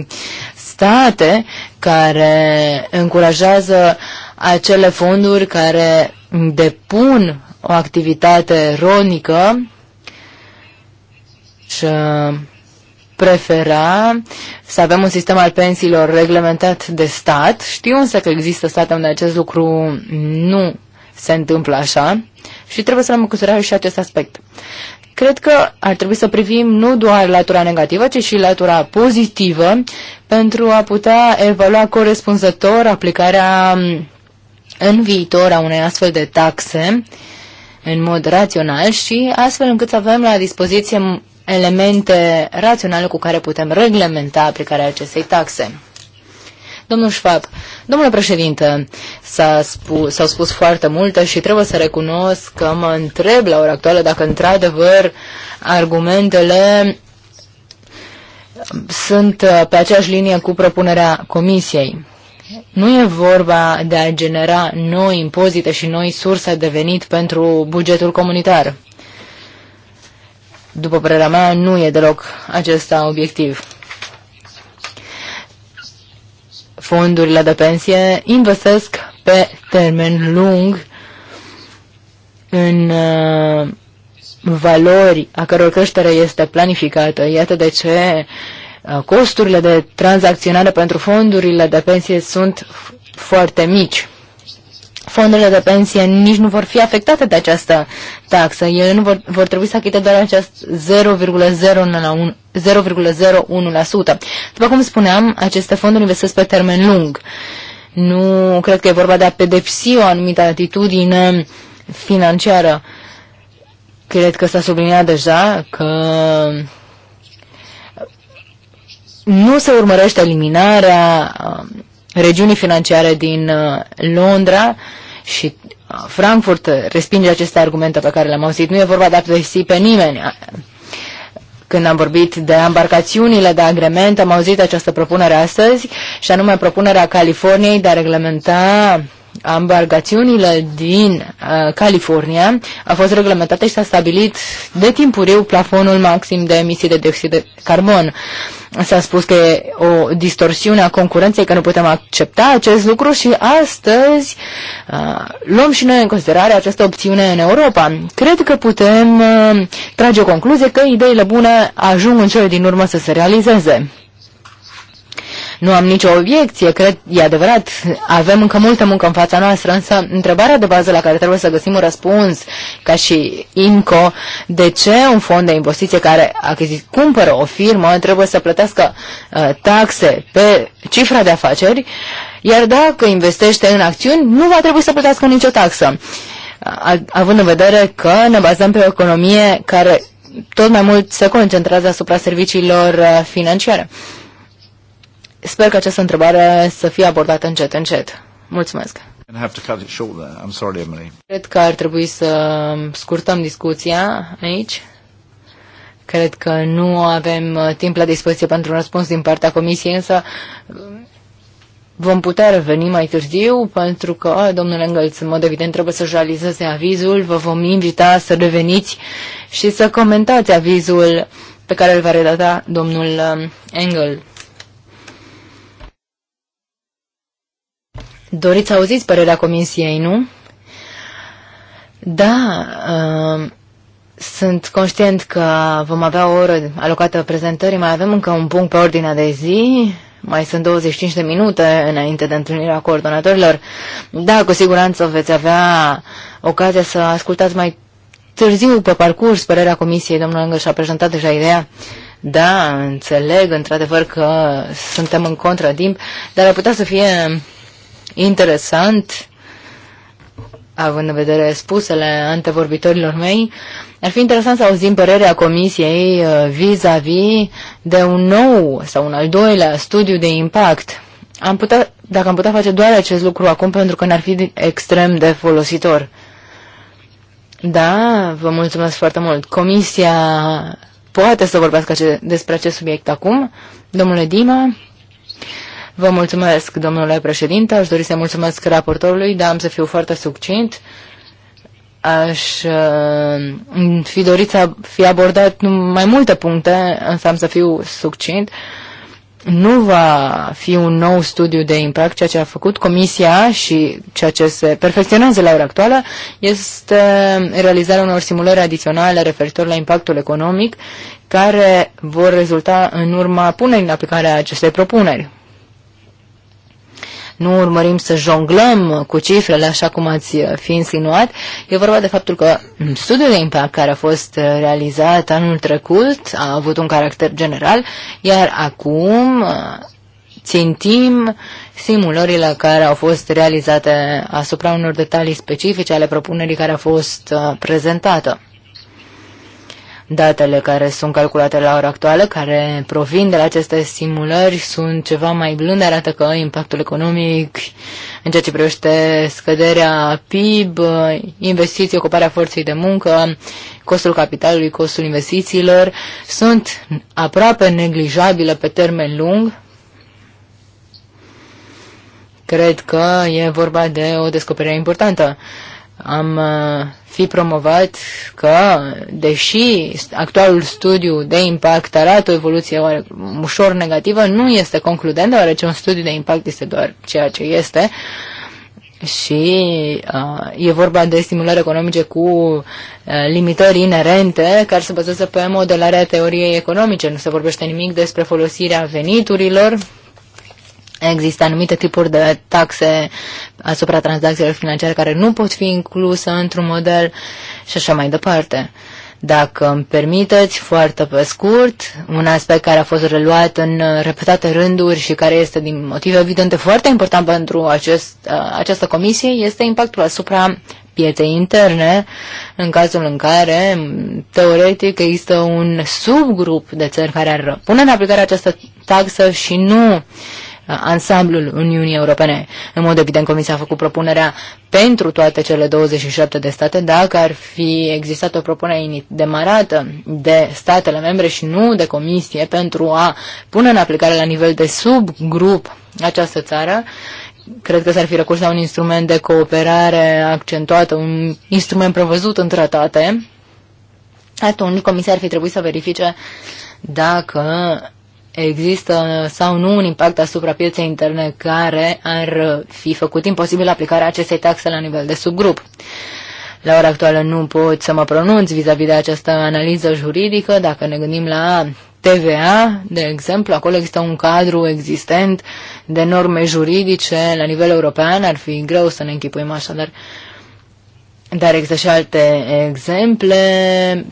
state care încurajează acele fonduri care depun o activitate ronică și prefera să avem un sistem al pensiilor reglementat de stat. Știu însă că există state unde acest lucru nu se întâmplă așa și trebuie să luăm în considerare și acest aspect. Cred că ar trebui să privim nu doar latura negativă, ci și latura pozitivă pentru a putea evalua corespunzător aplicarea în viitor a unei astfel de taxe în mod rațional și astfel încât să avem la dispoziție elemente raționale cu care putem reglementa aplicarea acestei taxe. Domnul Schwab, domnule președinte, s-au spus, spus foarte multe și trebuie să recunosc că mă întreb la ora actuală dacă într-adevăr argumentele sunt uh, pe aceeași linie cu propunerea Comisiei. Nu e vorba de a genera noi impozite și noi surse de venit pentru bugetul comunitar. După părerea mea, nu e deloc acesta obiectiv. fondurile de pensie investesc pe termen lung în uh, valori a căror creștere este planificată. Iată de ce uh, costurile de tranzacționare pentru fondurile de pensie sunt foarte mici fondurile de pensie nici nu vor fi afectate de această taxă. Ele nu vor, vor trebui să achite doar acest 0,01%. După cum spuneam, aceste fonduri investesc pe termen lung. Nu cred că e vorba de a pedepsi o anumită atitudine financiară. Cred că s-a subliniat deja că nu se urmărește eliminarea um, regiunii financiare din uh, Londra și uh, Frankfurt respinge aceste argumente pe care le-am auzit. Nu e vorba de a plăsi pe nimeni. Când am vorbit de embarcațiunile de agrement, am auzit această propunere astăzi, și anume propunerea Californiei de a reglementa ambargațiunile din uh, California a fost reglementate și s-a stabilit de timpuriu plafonul maxim de emisii de dioxid de carbon. S-a spus că e o distorsiune a concurenței, că nu putem accepta acest lucru și astăzi uh, luăm și noi în considerare această opțiune în Europa. Cred că putem uh, trage o concluzie că ideile bune ajung în cele din urmă să se realizeze. Nu am nicio obiecție, cred, e adevărat, avem încă multă muncă în fața noastră, însă întrebarea de bază la care trebuie să găsim un răspuns, ca și INCO, de ce un fond de investiție care achizit, cumpără o firmă trebuie să plătească uh, taxe pe cifra de afaceri, iar dacă investește în acțiuni, nu va trebui să plătească nicio taxă. Având în vedere că ne bazăm pe o economie care tot mai mult se concentrează asupra serviciilor uh, financiare. Sper că această întrebare să fie abordată încet, încet. Mulțumesc. Cred că ar trebui să scurtăm discuția aici. Cred că nu avem uh, timp la dispoziție pentru un răspuns din partea comisiei, însă um, vom putea reveni mai târziu, pentru că, a, uh, domnul Engels, în mod evident, trebuie să-și realizeze avizul. Vă vom invita să reveniți și să comentați avizul pe care îl va redata domnul um, Engel. Doriți să auziți părerea comisiei, nu? Da, uh, sunt conștient că vom avea o oră alocată prezentării, mai avem încă un punct pe ordinea de zi, mai sunt 25 de minute înainte de întâlnirea coordonatorilor. Da, cu siguranță veți avea ocazia să ascultați mai târziu pe parcurs părerea comisiei. Domnul Engel și-a prezentat deja ideea. Da, înțeleg într-adevăr că suntem în contra, timp, dar ar putea să fie interesant, având în vedere spusele antevorbitorilor mei, ar fi interesant să auzim părerea Comisiei uh, vis-a-vis -vis de un nou sau un al doilea studiu de impact. Am putea, dacă am putea face doar acest lucru acum, pentru că n-ar fi extrem de folositor. Da, vă mulțumesc foarte mult. Comisia poate să vorbească despre acest subiect acum. Domnule Dima, Vă mulțumesc, domnule președinte. Aș dori să mulțumesc raportorului, dar am să fiu foarte succint. Aș uh, fi dorit să fi abordat mai multe puncte, însă am să fiu succint. Nu va fi un nou studiu de impact. Ceea ce a făcut Comisia și ceea ce se perfecționează la ora actuală este realizarea unor simulări adiționale referitor la impactul economic care vor rezulta în urma punerii în aplicare a acestei propuneri nu urmărim să jonglăm cu cifrele, așa cum ați uh, fi insinuat. E vorba de faptul că mm, studiul de impact care a fost uh, realizat anul trecut a avut un caracter general, iar acum uh, țintim simulările care au fost realizate asupra unor detalii specifice ale propunerii care a fost prezentată. Datele care sunt calculate la ora actuală, care provin de la aceste simulări, sunt ceva mai blânde, arată că impactul economic în ceea ce privește scăderea PIB, investiții, ocuparea forței de muncă, costul capitalului, costul investițiilor, sunt aproape neglijabile pe termen lung, Cred că e vorba de o descoperire importantă am uh, fi promovat că, deși actualul studiu de impact arată o evoluție ușor negativă, nu este concludent, deoarece un studiu de impact este doar ceea ce este și uh, e vorba de stimulări economice cu uh, limitări inerente care se bazează pe modelarea teoriei economice. Nu se vorbește nimic despre folosirea veniturilor Există anumite tipuri de taxe asupra tranzacțiilor financiare care nu pot fi incluse într-un model și așa mai departe. Dacă îmi permiteți, foarte pe scurt, un aspect care a fost reluat în repetate rânduri și care este din motive evidente foarte important pentru acest, această comisie este impactul asupra pieței interne, în cazul în care, teoretic, există un subgrup de țări care ar pune în aplicare această taxă și nu uh, ansamblul Uniunii Europene. În mod evident, Comisia a făcut propunerea pentru toate cele 27 de state. Dacă ar fi existat o propunere demarată de statele membre și nu de Comisie pentru a pune în aplicare la nivel de subgrup această țară, cred că s-ar fi recurs la un instrument de cooperare accentuată, un instrument prevăzut în tratate, atunci Comisia ar fi trebuit să verifice dacă există sau nu un impact asupra pieței interne care ar fi făcut imposibil aplicarea acestei taxe la nivel de subgrup. La ora actuală nu pot să mă pronunț vis-a-vis -vis de această analiză juridică. Dacă ne gândim la TVA, de exemplu, acolo există un cadru existent de norme juridice la nivel european, ar fi greu să ne închipuim uh, dar există și alte exemple,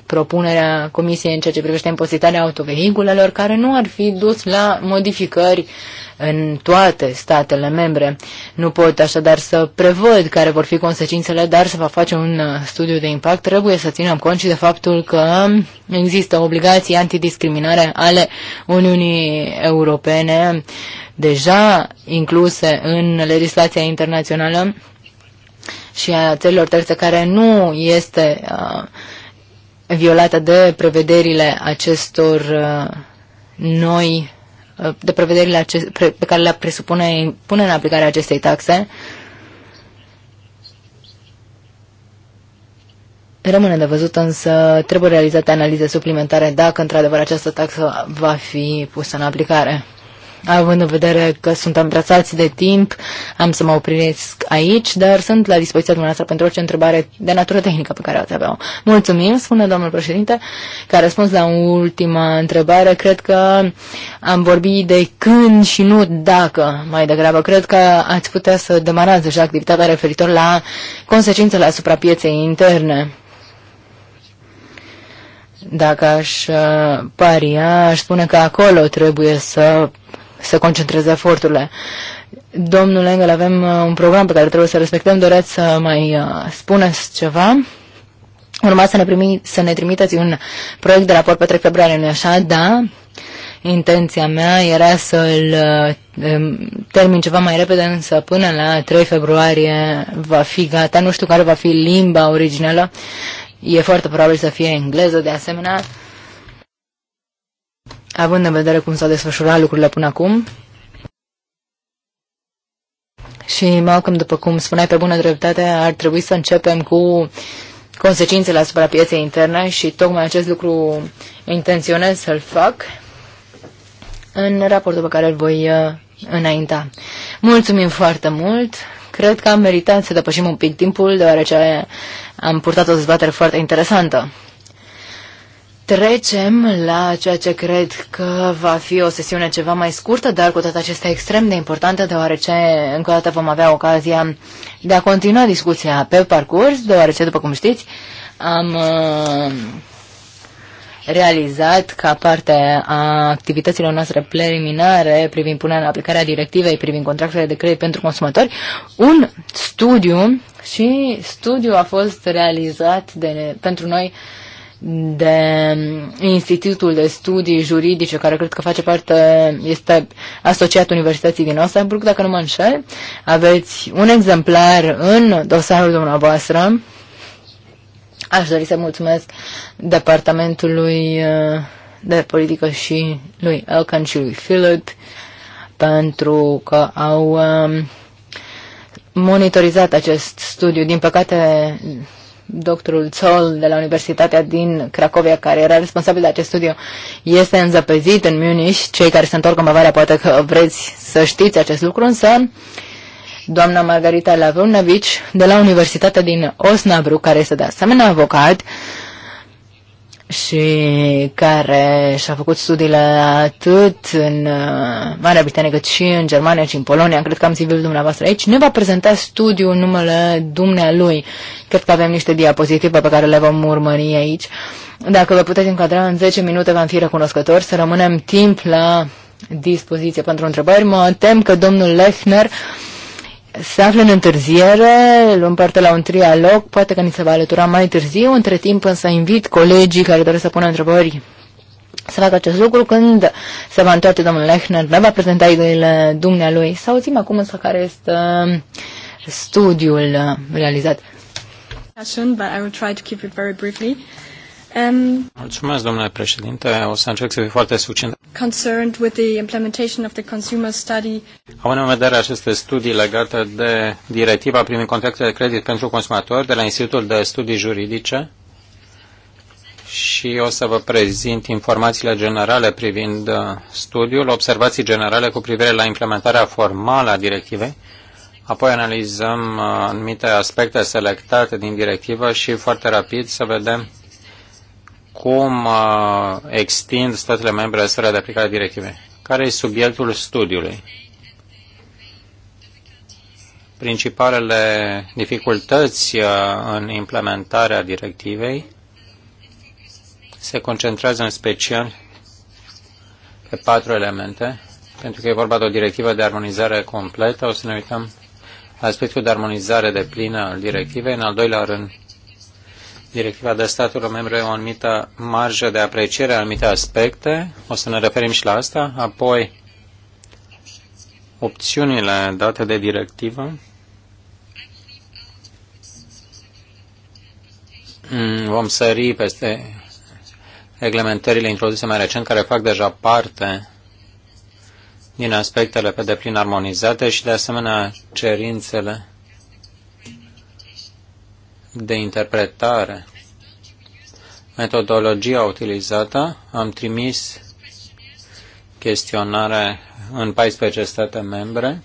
propunerea Comisiei în ceea ce privește impozitarea autovehiculelor, care nu ar fi dus la modificări în toate statele membre. Nu pot așadar să prevăd care vor fi consecințele, dar să va face un uh, studiu de impact. Trebuie să ținem cont și de faptul că există obligații antidiscriminare ale Uniunii Europene deja incluse în legislația internațională și a țărilor terțe care nu este uh, violată de prevederile acestor uh, noi, uh, de prevederile pe care le presupune pune în aplicare acestei taxe, Rămâne de văzut, însă trebuie realizate analize suplimentare dacă într-adevăr această taxă va fi pusă în aplicare. Având în vedere că suntem îmbrățați de timp, am să mă opresc aici, dar sunt la dispoziția dumneavoastră pentru orice întrebare de natură tehnică pe care o avea Mulțumim, spune domnul președinte, a răspuns la ultima întrebare, cred că am vorbit de când și nu dacă, mai degrabă. Cred că ați putea să demarați deja activitatea referitor la consecințele asupra pieței interne dacă aș uh, paria, aș spune că acolo trebuie să să concentreze eforturile. Domnule Engel, avem uh, un program pe care trebuie să respectăm. Doreți să mai uh, spuneți ceva? Urmați să ne, primi, să ne trimiteți un proiect de raport pe 3 februarie, nu așa? Da. Intenția mea era să-l uh, um, termin ceva mai repede, însă până la 3 februarie va fi gata. Nu știu care va fi limba originală. E foarte probabil să fie engleză, de asemenea având în vedere cum s-au desfășurat lucrurile până acum. Și, Malcolm, după cum spuneai pe bună dreptate, ar trebui să începem cu consecințele asupra pieței interne și tocmai acest lucru intenționez să-l fac în raportul pe care îl voi uh, înainta. Mulțumim foarte mult! Cred că am meritat să depășim un pic timpul, deoarece am purtat o dezbatere foarte interesantă. Trecem la ceea ce cred că va fi o sesiune ceva mai scurtă, dar cu toate acestea extrem de importantă, deoarece încă o dată vom avea ocazia de a continua discuția pe parcurs, deoarece, după cum știți, am uh, realizat ca parte a activităților noastre preliminare privind punerea în aplicare a directivei privind contractele de credit pentru consumatori, un studiu și studiul a fost realizat de, pentru noi uh, de Institutul de Studii Juridice, care cred că face parte, este asociat Universității din Osnabrück, dacă nu mă înșel. Aveți un exemplar în dosarul dumneavoastră. Aș dori să mulțumesc Departamentului eh, de Politică și lui Elkan și lui Philip pentru că au eh, monitorizat acest studiu. Din păcate, doctorul Zoll de la Universitatea din Cracovia, care era responsabil de acest studiu, este înzăpezit în Munich. Cei care se întorc în Bavaria poate că vreți să știți acest lucru, însă doamna Margarita Lavrunovici de la Universitatea din Osnabru, care este de asemenea avocat, și care și-a făcut studiile atât în uh, Marea Britanie cât și în Germania și în Polonia, cred că am zis dumneavoastră aici, ne va prezenta studiul în numele dumnealui. Cred că avem niște diapozitive pe care le vom urmări aici. Dacă vă puteți încadra în 10 minute, v-am fi recunoscători să rămânem timp la dispoziție pentru întrebări. Mă tem că domnul Lechner uh, se află în întârziere, luăm parte la un trialog, poate că ni se va alătura mai târziu, între timp însă invit colegii care doresc să pună întrebări să facă acest lucru când se va întoarce domnul Lechner, ne va prezenta ideile dumnealui. Să auzim acum însă care este um, studiul uh, realizat. But I will try to keep it very briefly. Um, Mulțumesc, domnule președinte. O să încerc să fiu foarte succint. Concerned with the implementation of the consumer study. Având în vedere aceste studii legate de directiva privind contractele de credit pentru consumatori de la Institutul de Studii Juridice și o să vă prezint informațiile generale privind uh, studiul, observații generale cu privire la implementarea formală a directivei, apoi analizăm uh, anumite aspecte selectate din directivă și foarte rapid să vedem cum uh, extind statele membre la sfera de aplicare a directivei. Care e subiectul studiului? Principalele dificultăți uh, în implementarea directivei se concentrează în special pe patru elemente. Pentru că e vorba de o directivă de armonizare completă, o să ne uităm aspectul de armonizare de plină al directivei, în al doilea rând directiva de statul membru e o anumită marjă de apreciere a anumite aspecte, o să ne referim și la asta, apoi opțiunile date de directivă, mm, vom sări peste reglementările introduse mai recent, care fac deja parte din aspectele pe deplin armonizate și, de asemenea, cerințele de interpretare, metodologia utilizată, am trimis chestionare în 14 state membre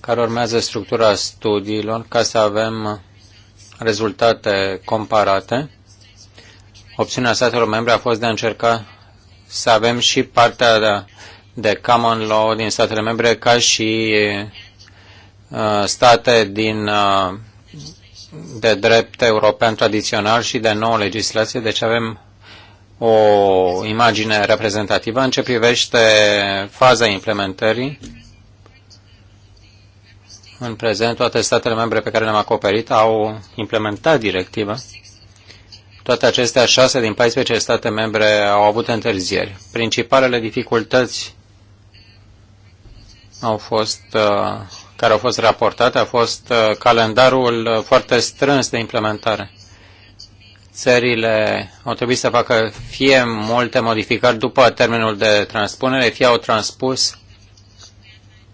care urmează structura studiilor ca să avem rezultate comparate. Opțiunea statelor membre a fost de a încerca să avem și partea de, de common law din statele membre ca și uh, state din uh, de drept european tradițional și de nouă legislație, deci avem o imagine reprezentativă în ce privește faza implementării. În prezent, toate statele membre pe care le-am acoperit au implementat directiva. Toate acestea, șase din 14 state membre au avut întârzieri. Principalele dificultăți au fost uh, care au fost raportate a fost uh, calendarul uh, foarte strâns de implementare. Țările au trebuit să facă fie multe modificări după termenul de transpunere, fie au transpus,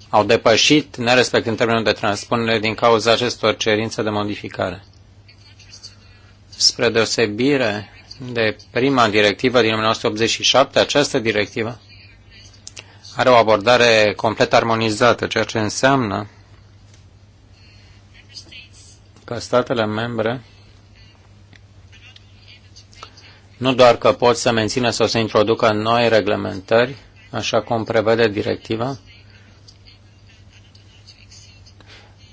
au depășit, nerespectând termenul de transpunere, din cauza acestor cerințe de modificare. Spre deosebire de prima directivă din 1987, această directivă are o abordare complet armonizată, ceea ce înseamnă că statele membre nu doar că pot să mențină sau să introducă noi reglementări, așa cum prevede directiva,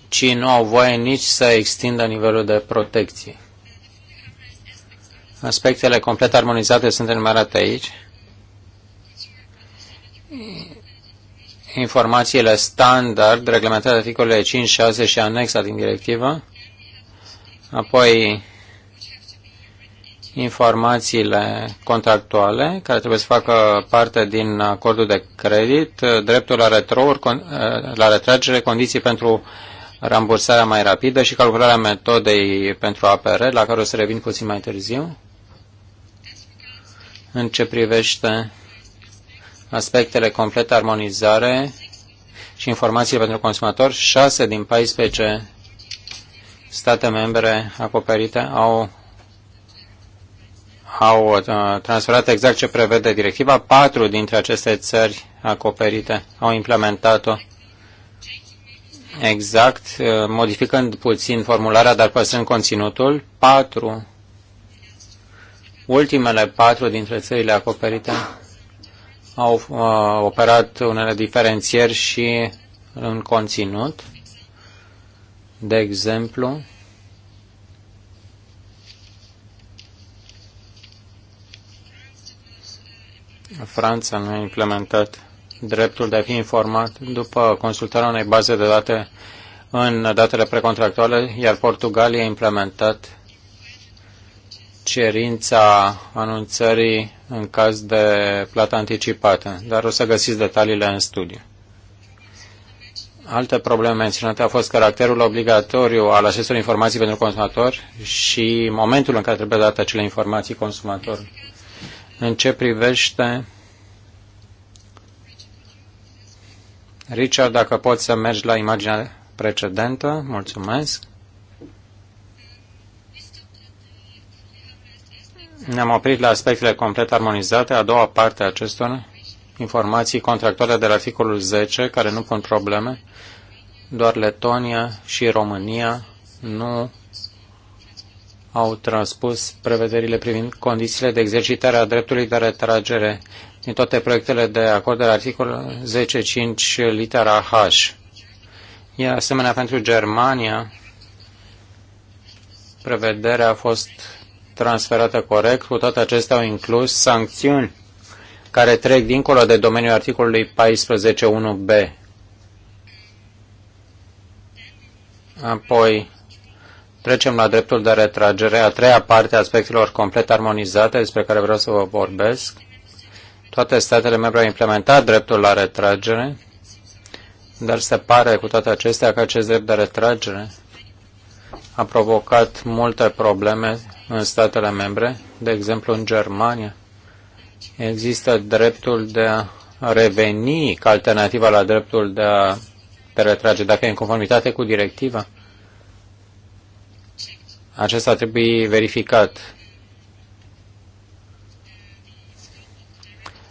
ci nu au voie nici să extindă nivelul de protecție. Aspectele complet armonizate sunt enumerate aici. informațiile standard reglementate articolele 5, 6 și anexa din directivă, apoi informațiile contractuale care trebuie să facă parte din acordul de credit, dreptul la, retrouri, eh, la retragere, condiții pentru rambursarea mai rapidă și calcularea metodei pentru APR, la care o să revin puțin mai târziu. În ce privește aspectele complete, armonizare și informații pentru consumatori. 6 din 14 state membre acoperite au, au uh, transferat exact ce prevede directiva. Patru dintre aceste țări acoperite au implementat-o exact, uh, modificând puțin formularea, dar păstrând conținutul. Patru, ultimele patru dintre țările acoperite au uh, operat unele diferențieri și în conținut. De exemplu, Franța nu a implementat dreptul de a fi informat după consultarea unei baze de date în datele precontractuale, iar Portugalia a implementat cerința anunțării în caz de plată anticipată, dar o să găsiți detaliile în studiu. Alte probleme menționate a fost caracterul obligatoriu al acestor informații pentru consumator și momentul în care trebuie date acele informații consumatorului. În ce privește Richard, dacă poți să mergi la imaginea precedentă, mulțumesc. Ne-am oprit la aspectele complet armonizate, a doua parte a acestor informații contractuale de la articolul 10, care nu pun probleme, doar Letonia și România nu au transpus prevederile privind condițiile de exercitare a dreptului de retragere din toate proiectele de acord de la articolul 10.5 litera H. E asemenea pentru Germania, prevederea a fost transferată corect. Cu toate acestea au inclus sancțiuni care trec dincolo de domeniul articolului 14.1b. Apoi trecem la dreptul de retragere, a treia parte a aspectelor complet armonizate despre care vreau să vă vorbesc. Toate statele membre au implementat dreptul la retragere, dar se pare cu toate acestea că acest drept de retragere a provocat multe probleme în statele membre, de exemplu în Germania. Există dreptul de a reveni ca alternativa la dreptul de a te retrage dacă e în conformitate cu directiva. Acesta trebuie verificat.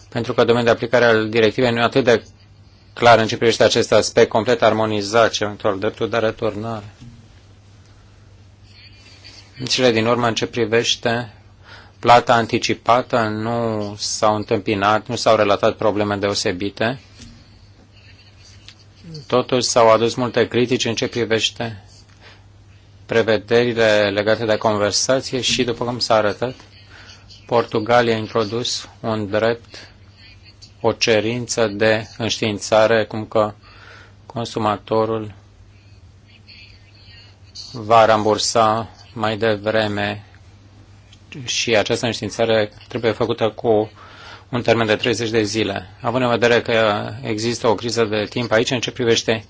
Pentru că domeniul de aplicare al directivei nu e atât de clar în ce privește acest aspect complet armonizat și eventual dreptul de returnare. În cele din urmă, în ce privește plata anticipată, nu s-au întâmpinat, nu s-au relatat probleme deosebite. Totuși s-au adus multe critici în ce privește prevederile legate de conversație și, după cum s-a arătat, Portugalia a introdus un drept, o cerință de înștiințare, cum că consumatorul va rambursa mai devreme și această înștiințare trebuie făcută cu un termen de 30 de zile. Având în vedere că există o criză de timp aici în ce privește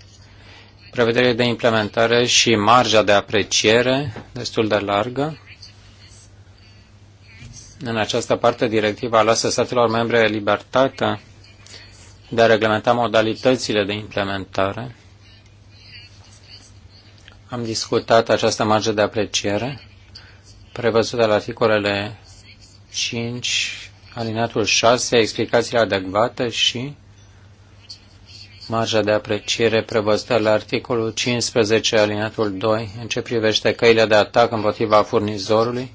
prevederile de implementare și marja de apreciere destul de largă, în această parte directiva lasă statelor membre libertatea de a reglementa modalitățile de implementare am discutat această marjă de apreciere prevăzută la articolele 5, alineatul 6, explicațiile adecvate și marja de apreciere prevăzută la articolul 15, alineatul 2, în ce privește căile de atac împotriva furnizorului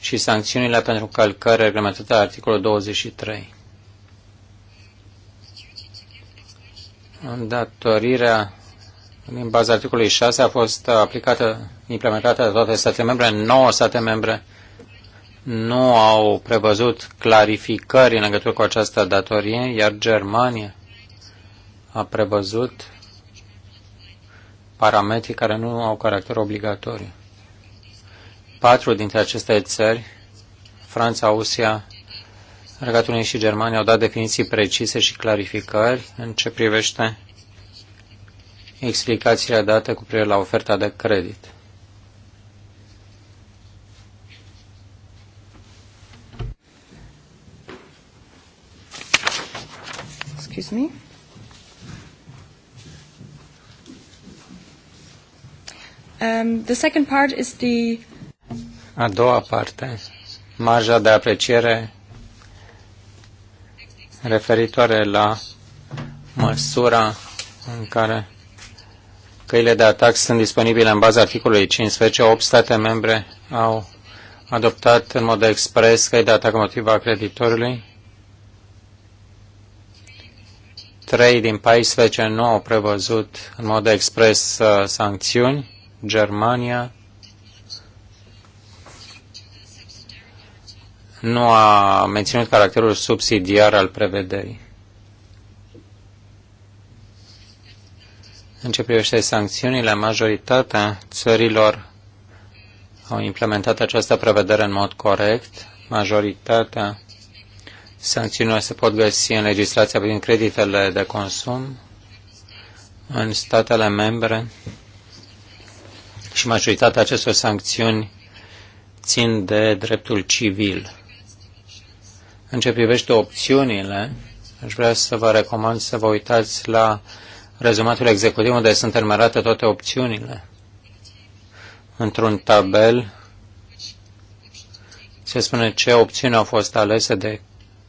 și sancțiunile pentru calcări reglementate la articolul 23. Îndatorirea în baza articolului 6 a fost aplicată, implementată de toate statele membre. 9 state membre nu au prevăzut clarificări în legătură cu această datorie, iar Germania a prevăzut parametri care nu au caracter obligatoriu. Patru dintre aceste țări, Franța, Austria, Regatul Unii și Germania, au dat definiții precise și clarificări în ce privește explicațiile date cu privire la oferta de credit. Excuse me. Um, the second part is the a doua parte, marja de apreciere referitoare la măsura în care Căile de atac sunt disponibile în baza articolului 15. 8 state membre au adoptat în mod expres căi de atac împotriva creditorului. 3 din 14 nu au prevăzut în mod expres uh, sancțiuni. Germania nu a menținut caracterul subsidiar al prevederii. În ce privește sancțiunile, majoritatea țărilor au implementat această prevedere în mod corect. Majoritatea sancțiunilor se pot găsi în legislația privind creditele de consum în statele membre și majoritatea acestor sancțiuni țin de dreptul civil. În ce privește opțiunile, aș vrea să vă recomand să vă uitați la rezumatul executiv unde sunt enumerate toate opțiunile într-un tabel se spune ce opțiuni au fost alese de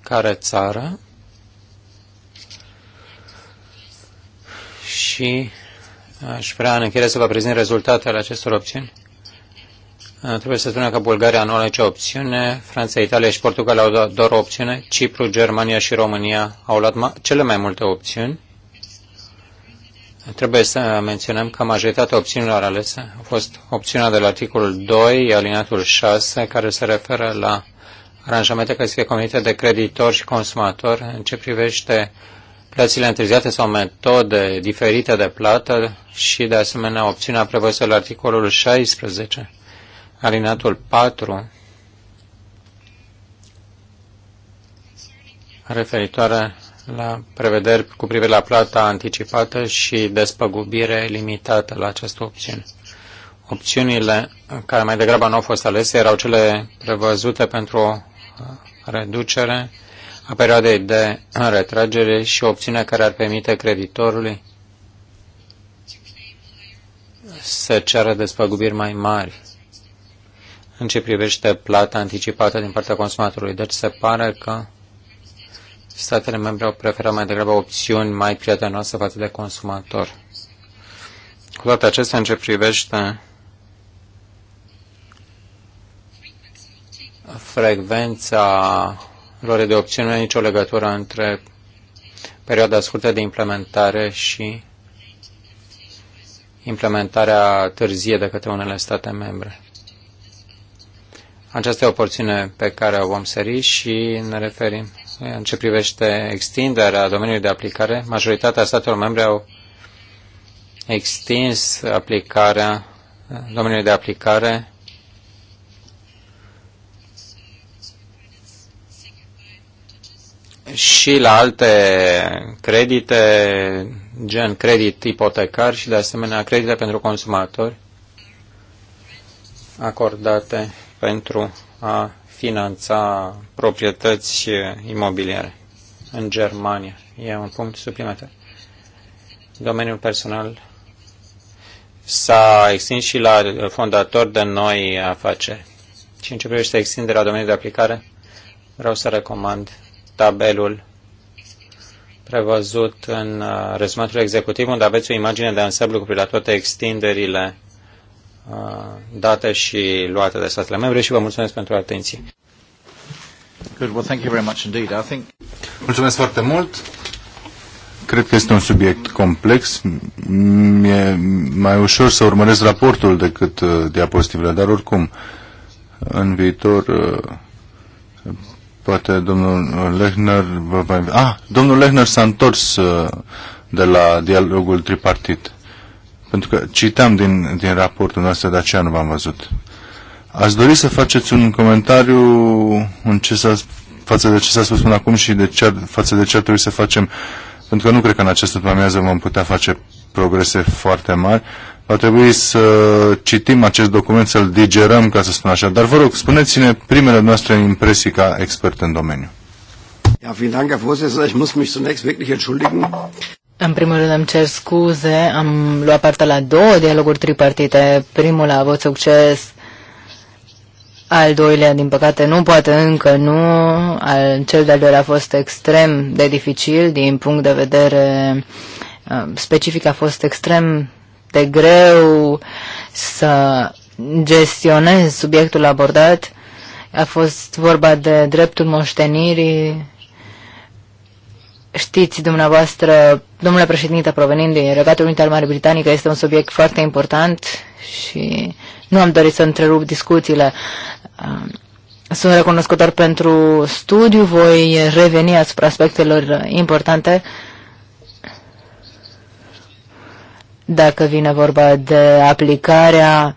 care țară și aș vrea în încheiere să vă prezint rezultatele acestor opțiuni. Uh, trebuie să spunem că Bulgaria nu are nicio opțiune, Franța, Italia și Portugalia au doar o opțiune, Cipru, Germania și România au luat cele mai multe opțiuni. Trebuie să menționăm că majoritatea opțiunilor alese a fost opțiunea de la articolul 2, alineatul 6, care se referă la aranjamente care să fie convenite de creditor și consumator în ce privește plățile întârziate sau metode diferite de plată și, de asemenea, opțiunea prevăzută la articolul 16, alineatul 4, referitoare la prevederi cu privire la plata anticipată și despăgubire limitată la această opțiune. Opțiunile care mai degrabă nu au fost alese erau cele prevăzute pentru o uh, reducere a perioadei de retragere și opțiunea care ar permite creditorului să ceară despăgubiri mai mari în ce privește plata anticipată din partea consumatorului. Deci se pare că statele membre au preferat mai degrabă opțiuni mai prietenoase față de consumator. Cu toate acestea, în ce privește frecvența lor de opțiuni, nu e nicio legătură între perioada scurtă de implementare și implementarea târzie de către unele state membre. Aceasta e o porțiune pe care o vom sări și ne referim în ce privește extinderea domeniului de aplicare, majoritatea statelor membre au extins aplicarea domeniului de aplicare și la alte credite, gen credit ipotecar și de asemenea credite pentru consumatori acordate pentru a finanța proprietăți imobiliare în Germania. E un punct suplimentar. Domeniul personal s-a extins și la fondator de noi afaceri. Și în ce privește extinderea domeniului de aplicare, vreau să recomand tabelul prevăzut în uh, rezumatul executiv, unde aveți o imagine de ansamblu cu privire la toate extinderile Uh, dată și luată de statele membre și vă mulțumesc pentru atenție. Good. Well, thank you very much indeed. I think... Mulțumesc foarte mult. Cred că este un subiect complex. E mai ușor să urmăresc raportul decât uh, diapozitivele, dar oricum, în viitor, uh, poate domnul Lehner va... Ah, domnul Lehner s-a întors uh, de la dialogul tripartit pentru că citam din, din raportul nostru, dar aceea nu v-am văzut. Aș dori să faceți un comentariu în ce s-a, față de ce s-a spus până acum și de ce, față de ce ar trebui să facem, pentru că nu cred că în această după vom putea face progrese foarte mari. Va trebui să citim acest document, să-l digerăm, ca să spun așa. Dar vă rog, spuneți-ne primele noastre impresii ca expert în domeniu. Ja, vielen Dank, Herr Vorsitzender. Ich muss mich zunächst wirklich entschuldigen. În primul rând îmi cer scuze, am luat parte la două dialoguri tripartite. Primul a avut succes, al doilea, din păcate, nu poate încă, nu. Al, cel de-al doilea a fost extrem de dificil din punct de vedere uh, specific, a fost extrem de greu să gestionez subiectul abordat. A fost vorba de dreptul moștenirii Știți dumneavoastră, domnule președinte, provenind din Regatul Unit al Marii Britanică, este un subiect foarte important și nu am dorit să întrerup discuțiile. Um, sunt recunoscător pentru studiu, voi reveni asupra aspectelor importante dacă vine vorba de aplicarea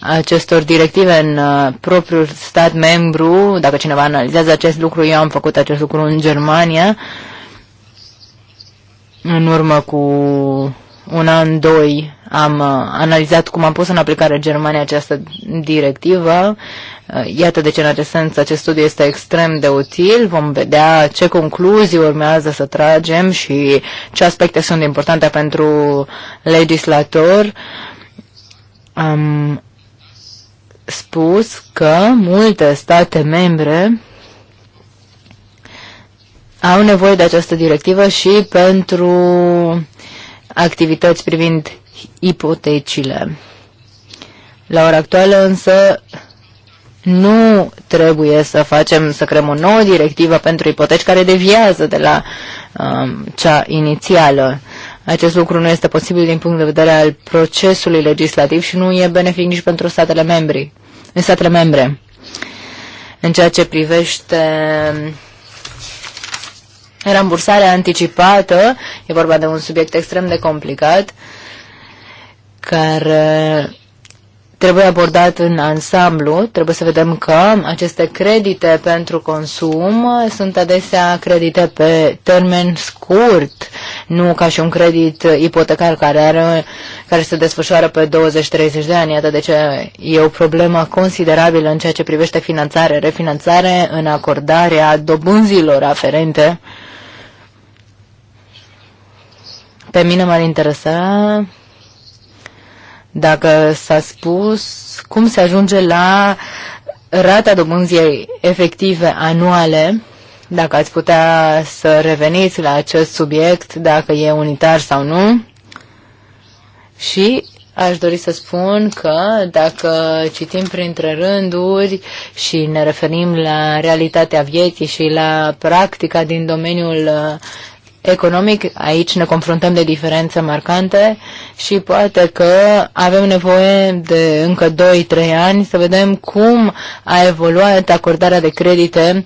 acestor directive în uh, propriul stat membru, dacă cineva analizează acest lucru, eu am făcut acest lucru în Germania, în urmă cu un an, doi, am uh, analizat cum am pus în aplicare în Germania această directivă. Uh, iată de ce în acest sens acest studiu este extrem de util. Vom vedea ce concluzii urmează să tragem și ce aspecte sunt importante pentru legislator. Am spus că multe state membre au nevoie de această directivă și pentru activități privind ipotecile. La ora actuală însă nu trebuie să facem, să creăm o nouă directivă pentru ipoteci care deviază de la um, cea inițială. Acest lucru nu este posibil din punct de vedere al procesului legislativ și nu e benefic nici pentru statele, membri, statele membre. În ceea ce privește Rambursarea anticipată, e vorba de un subiect extrem de complicat, care trebuie abordat în ansamblu, trebuie să vedem că aceste credite pentru consum sunt adesea credite pe termen scurt, nu ca și un credit ipotecar care, are, care se desfășoară pe 20-30 de ani. Iată de ce e o problemă considerabilă în ceea ce privește finanțare, refinanțare în acordarea dobânzilor aferente pe mine m-ar interesa dacă s-a spus cum se ajunge la rata dobânzii efective anuale, dacă ați putea să reveniți la acest subiect, dacă e unitar sau nu. Și aș dori să spun că dacă citim printre rânduri și ne referim la realitatea vieții și la practica din domeniul economic. Aici ne confruntăm de diferențe marcante și poate că avem nevoie de încă 2-3 ani să vedem cum a evoluat acordarea de credite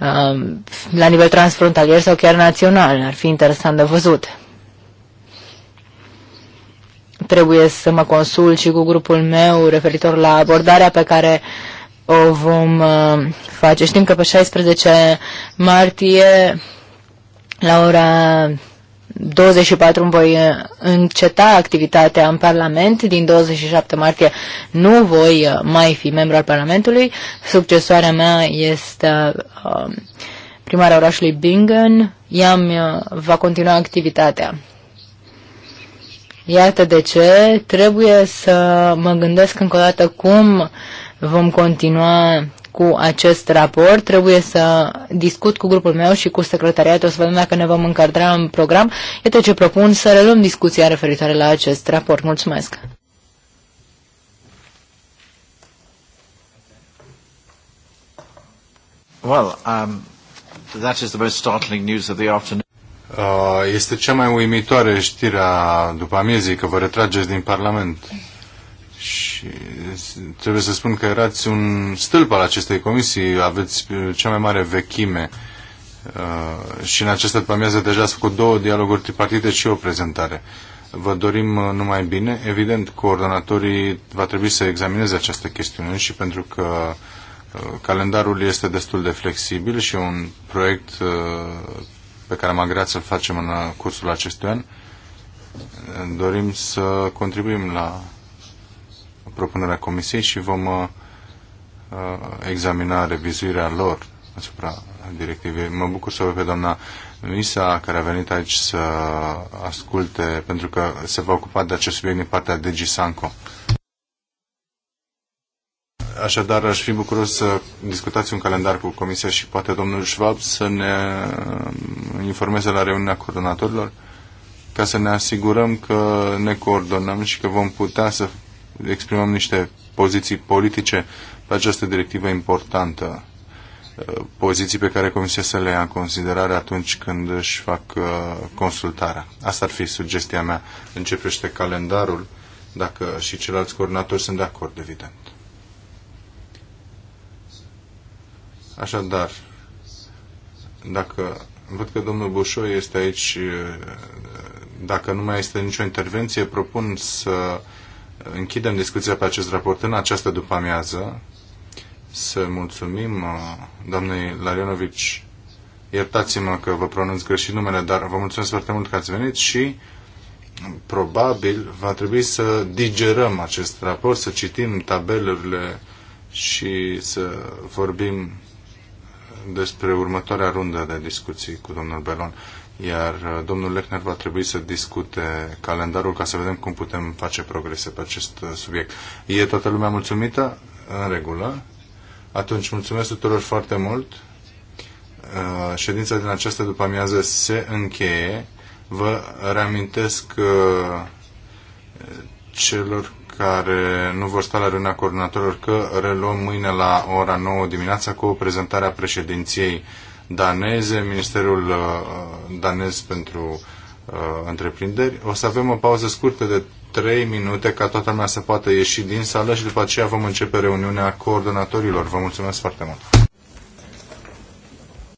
um, la nivel transfrontalier sau chiar național. Ar fi interesant de văzut trebuie să mă consult și cu grupul meu referitor la abordarea pe care o vom uh, face. Știm că pe 16 martie la ora 24 voi înceta activitatea în Parlament. Din 27 martie nu voi uh, mai fi membru al Parlamentului. Succesoarea mea este um, primarea orașului Bingen. Ea uh, va continua activitatea. Iată de ce trebuie să mă gândesc încă o dată cum vom continua cu acest raport. Trebuie să discut cu grupul meu și cu secretariatul să vedem dacă ne vom încadra în program. Iată ce propun să reluăm discuția referitoare la acest raport. Mulțumesc! Well, um, that is the most startling news of the afternoon. Uh, este cea mai uimitoare știrea după amiezii că vă retrageți din Parlament. Și trebuie să spun că erați un stâlp al acestei comisii, aveți uh, cea mai mare vechime. Uh, și în această după deja ați făcut două dialoguri tripartite și o prezentare. Vă dorim uh, numai bine. Evident, coordonatorii va trebui să examineze această chestiune și pentru că uh, calendarul este destul de flexibil și un proiect pe care am agreat să-l facem în cursul acestui an. Dorim să contribuim la propunerea Comisiei și vom uh, uh, examina revizuirea lor asupra directivei. Mă bucur să văd pe doamna Luisa, care a venit aici să asculte, pentru că se va ocupa de acest subiect din partea DG Sanco. Așadar, aș fi bucuros să discutați un calendar cu Comisia și poate domnul Schwab să ne um, informeze la reuniunea coordonatorilor ca să ne asigurăm că ne coordonăm și că vom putea să exprimăm niște poziții politice pe această directivă importantă, uh, poziții pe care Comisia să le ia în considerare atunci când își fac uh, consultarea. Asta ar fi sugestia mea. Începește calendarul, dacă și ceilalți coordonatori sunt de acord, evident. Așadar, dacă văd că domnul Bușoi este aici, uh, dacă nu mai este nicio intervenție, propun să închidem discuția pe acest raport în această după-amiază. Să mulțumim uh, doamnei Larionovici. Iertați-mă că vă pronunț greșit numele, dar vă mulțumesc foarte mult că ați venit și probabil va trebui să digerăm acest raport, să citim tabelurile și să vorbim despre următoarea rundă de discuții cu domnul Belon iar uh, domnul Lechner va trebui să discute calendarul ca să vedem cum putem face progrese pe acest uh, subiect. E toată lumea mulțumită? În regulă. Atunci, mulțumesc tuturor foarte mult. Uh, ședința din această după amiază se încheie. Vă reamintesc celor care nu vor sta la râna coordonatorilor că reluăm mâine la ora 9 dimineața cu o prezentare a președinției daneze, Ministerul uh, danez pentru uh, întreprinderi. O să avem o pauză scurtă de 3 minute ca toată lumea să poată ieși din sală și după aceea vom începe reuniunea coordonatorilor. Vă mulțumesc foarte mult!